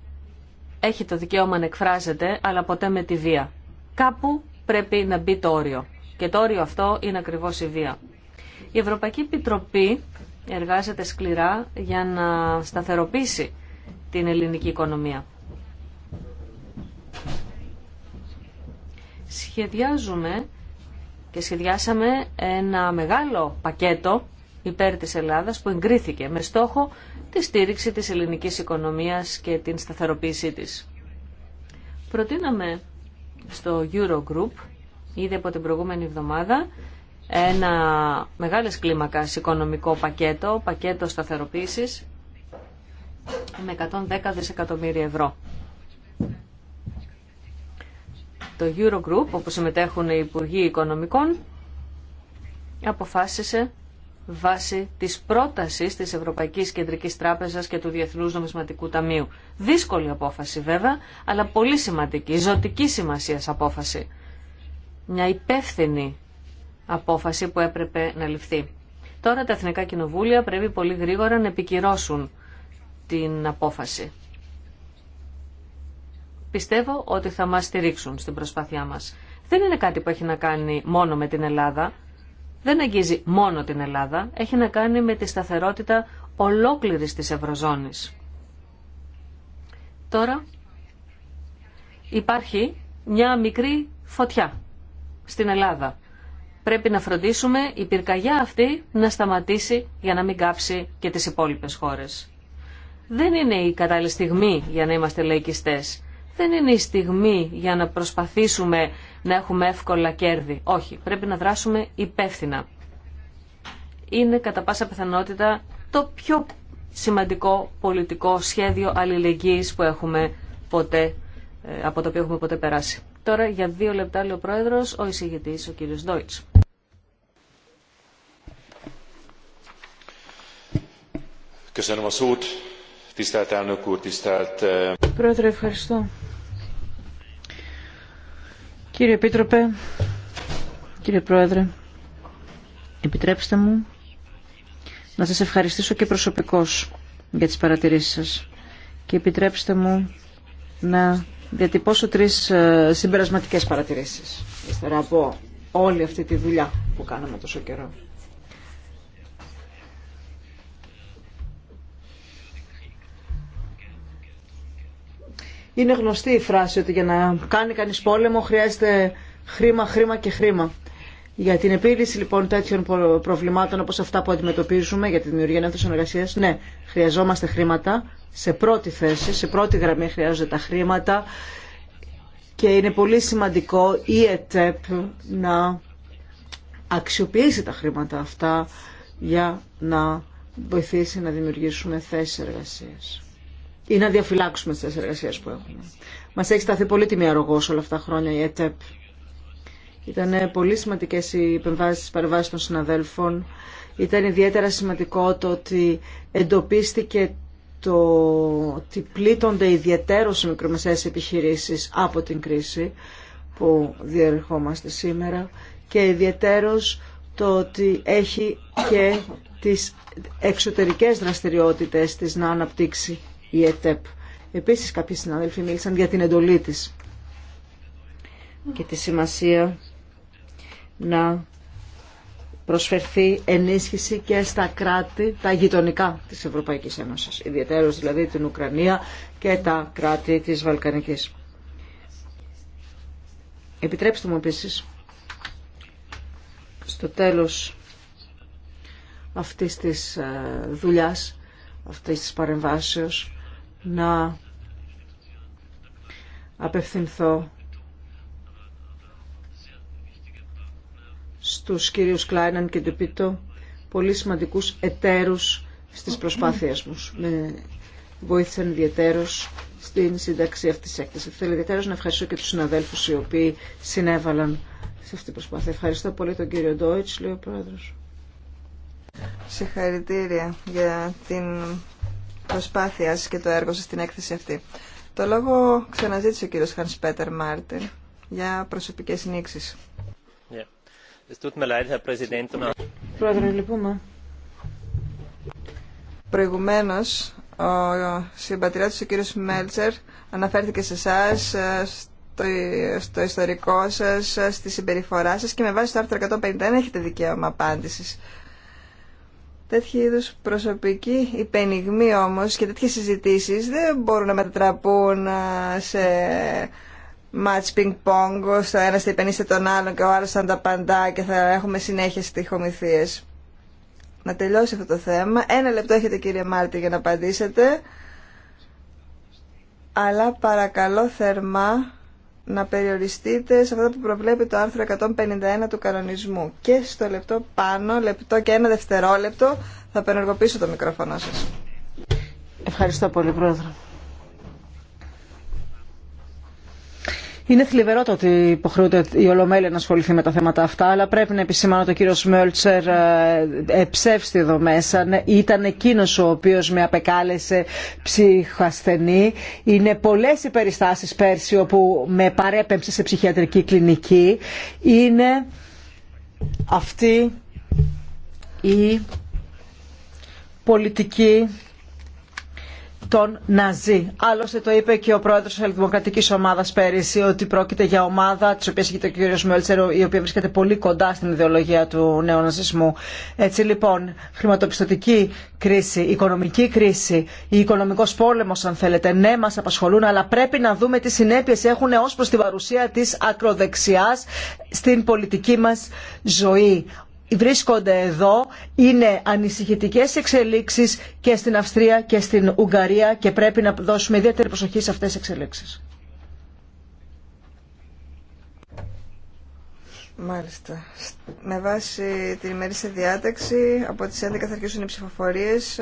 έχει το δικαίωμα να εκφράζεται, αλλά ποτέ με τη βία. Κάπου πρέπει να μπει το όριο. Και το όριο αυτό είναι ακριβώς η βία. Η Ευρωπαϊκή Επιτροπή εργάζεται σκληρά για να σταθεροποιήσει την ελληνική οικονομία. Σχεδιάζουμε και σχεδιάσαμε ένα μεγάλο πακέτο υπέρ της Ελλάδας που εγκρίθηκε με στόχο τη στήριξη της ελληνικής οικονομίας και την σταθεροποίησή της. Προτείναμε στο Eurogroup, ήδη από την προηγούμενη εβδομάδα, ένα μεγάλες κλίμακας οικονομικό πακέτο, πακέτο σταθεροποίησης με 110 δισεκατομμύρια ευρώ το Eurogroup, όπου συμμετέχουν οι Υπουργοί Οικονομικών, αποφάσισε βάσει της πρότασης της Ευρωπαϊκής Κεντρικής Τράπεζας και του Διεθνούς Νομισματικού Ταμείου. Δύσκολη απόφαση βέβαια, αλλά πολύ σημαντική, ζωτική σημασία απόφαση. Μια υπεύθυνη απόφαση που έπρεπε να ληφθεί. Τώρα τα Εθνικά Κοινοβούλια πρέπει πολύ γρήγορα να επικυρώσουν την απόφαση πιστεύω ότι θα μας στηρίξουν στην προσπάθειά μας. Δεν είναι κάτι που έχει να κάνει μόνο με την Ελλάδα, δεν αγγίζει μόνο την Ελλάδα, έχει να κάνει με τη σταθερότητα ολόκληρης της Ευρωζώνης. Τώρα υπάρχει μια μικρή φωτιά στην Ελλάδα. Πρέπει να φροντίσουμε η πυρκαγιά αυτή να σταματήσει για να μην κάψει και τις υπόλοιπες χώρες. Δεν είναι η κατάλληλη στιγμή για να είμαστε λαϊκιστές δεν είναι η στιγμή για να προσπαθήσουμε να έχουμε εύκολα κέρδη. Όχι, πρέπει να δράσουμε υπεύθυνα. Είναι κατά πάσα πιθανότητα το πιο σημαντικό πολιτικό σχέδιο αλληλεγγύης που έχουμε ποτέ, ε, από το οποίο έχουμε ποτέ περάσει. Τώρα για δύο λεπτά λέει ο Πρόεδρος, ο εισηγητής, ο κύριος Ντόιτς. Πρόεδρε, ευχαριστώ. Κύριε Επίτροπε, κύριε Πρόεδρε, επιτρέψτε μου να σας ευχαριστήσω και προσωπικώς για τις παρατηρήσεις σας και επιτρέψτε μου να διατυπώσω τρεις ε, συμπερασματικές παρατηρήσεις ύστερα από όλη αυτή τη δουλειά που κάναμε τόσο καιρό. Είναι γνωστή η φράση ότι για να κάνει κανείς πόλεμο χρειάζεται χρήμα, χρήμα και χρήμα. Για την επίλυση λοιπόν τέτοιων προβλημάτων όπως αυτά που αντιμετωπίζουμε για τη δημιουργία νέων εργασία, ναι, χρειαζόμαστε χρήματα. Σε πρώτη θέση, σε πρώτη γραμμή χρειάζονται τα χρήματα και είναι πολύ σημαντικό η ΕΤΕΠ να αξιοποιήσει τα χρήματα αυτά για να βοηθήσει να δημιουργήσουμε θέσεις εργασίας ή να διαφυλάξουμε τι εργασίε που έχουμε. Μα έχει σταθεί πολύ τιμιαρογός όλα αυτά τα χρόνια η ΕΤΕΠ. Ήταν πολύ σημαντικέ οι επεμβάσει, παρεμβάσεις των συναδέλφων. Ήταν ιδιαίτερα σημαντικό το ότι εντοπίστηκε το ότι πλήττονται ιδιαίτερως οι μικρομεσαίες επιχειρήσεις από την κρίση που διερχόμαστε σήμερα και ιδιαίτερος το ότι έχει και τις εξωτερικές δραστηριότητες της να αναπτύξει η Επίσης κάποιοι συνάδελφοι μίλησαν για την εντολή της και τη σημασία να προσφερθεί ενίσχυση και στα κράτη, τα γειτονικά της Ευρωπαϊκής Ένωσης, ιδιαίτερως δηλαδή την Ουκρανία και τα κράτη της Βαλκανικής. Επιτρέψτε μου επίσης, στο τέλος αυτής της ε, δουλειάς, αυτής της παρεμβάσεως, να απευθυνθώ στους κύριους Κλάιναν και Ντεπίτο, πολύ σημαντικούς εταίρους στις προσπάθειές μου. Με βοήθησαν ιδιαίτερως στην σύνταξη αυτής της έκθεσης. Θέλω ιδιαίτερως να ευχαριστώ και τους συναδέλφους οι οποίοι συνέβαλαν σε αυτή την προσπάθεια. Ευχαριστώ πολύ τον κύριο Ντόιτς, λέει ο πρόεδρος. Συγχαρητήρια για την προσπάθεια και το έργο σας στην έκθεση αυτή. Το λόγο ξαναζήτησε ο κύριος Χανς Πέτερ Μάρτιν για προσωπικές συνήξεις. Yeah. Πρόεδρε, Προηγουμένως, ο συμπατριώτης ο κύριος Μέλτσερ αναφέρθηκε σε εσά, ε, στο, στο, ιστορικό σας, ε, στη συμπεριφορά σας και με βάση το άρθρο 151 έχετε δικαίωμα απάντησης. Τέτοιου είδους προσωπική υπενιγμή όμως και τέτοιες συζητήσεις δεν μπορούν να μετατραπούν σε μάτς πινκ pong στο ένα θα υπενίστε τον άλλον και ο άλλος θα ανταπαντά και θα έχουμε συνέχεια στιχομηθίε. Να τελειώσει αυτό το θέμα. Ένα λεπτό έχετε κύριε Μάρτι για να απαντήσετε. Αλλά παρακαλώ θερμά να περιοριστείτε σε αυτά που προβλέπει το άρθρο 151 του κανονισμού και στο λεπτό πάνω, λεπτό και ένα δευτερόλεπτο θα πενεργοποιήσω το μικρόφωνο σας. Ευχαριστώ πολύ πρόεδρε. Είναι θλιβερό το ότι υποχρεούται η Ολομέλεια να ασχοληθεί με τα θέματα αυτά, αλλά πρέπει να επισημάνω ότι ο κύριο Μέλτσερ ε, ψεύστη εδώ μέσα. Ναι, ήταν εκείνο ο οποίο με απεκάλεσε ψυχασθενή. Είναι πολλέ οι περιστάσει πέρσι όπου με παρέπεμψε σε ψυχιατρική κλινική. Είναι αυτή η πολιτική των Ναζί. Άλλωστε το είπε και ο πρόεδρο τη Ελληνική Ομάδα πέρυσι ότι πρόκειται για ομάδα τη οποία ηγείται ο κ. Μιόλτσερο, η οποία βρίσκεται πολύ κοντά στην ιδεολογία του νεοναζισμού. Έτσι λοιπόν, χρηματοπιστωτική κρίση, οικονομική κρίση, ο οικονομικό πόλεμο, αν θέλετε, ναι, μα απασχολούν, αλλά πρέπει να δούμε τι συνέπειε έχουν ω προ την παρουσία τη ακροδεξιά στην πολιτική μα ζωή βρίσκονται εδώ είναι ανησυχητικές εξελίξεις και στην Αυστρία και στην Ουγγαρία και πρέπει να δώσουμε ιδιαίτερη προσοχή σε αυτές τις εξελίξεις. Μάλιστα. Με βάση την ημερήσια διάταξη, από τις 11 θα αρχίσουν οι ψηφοφορίες.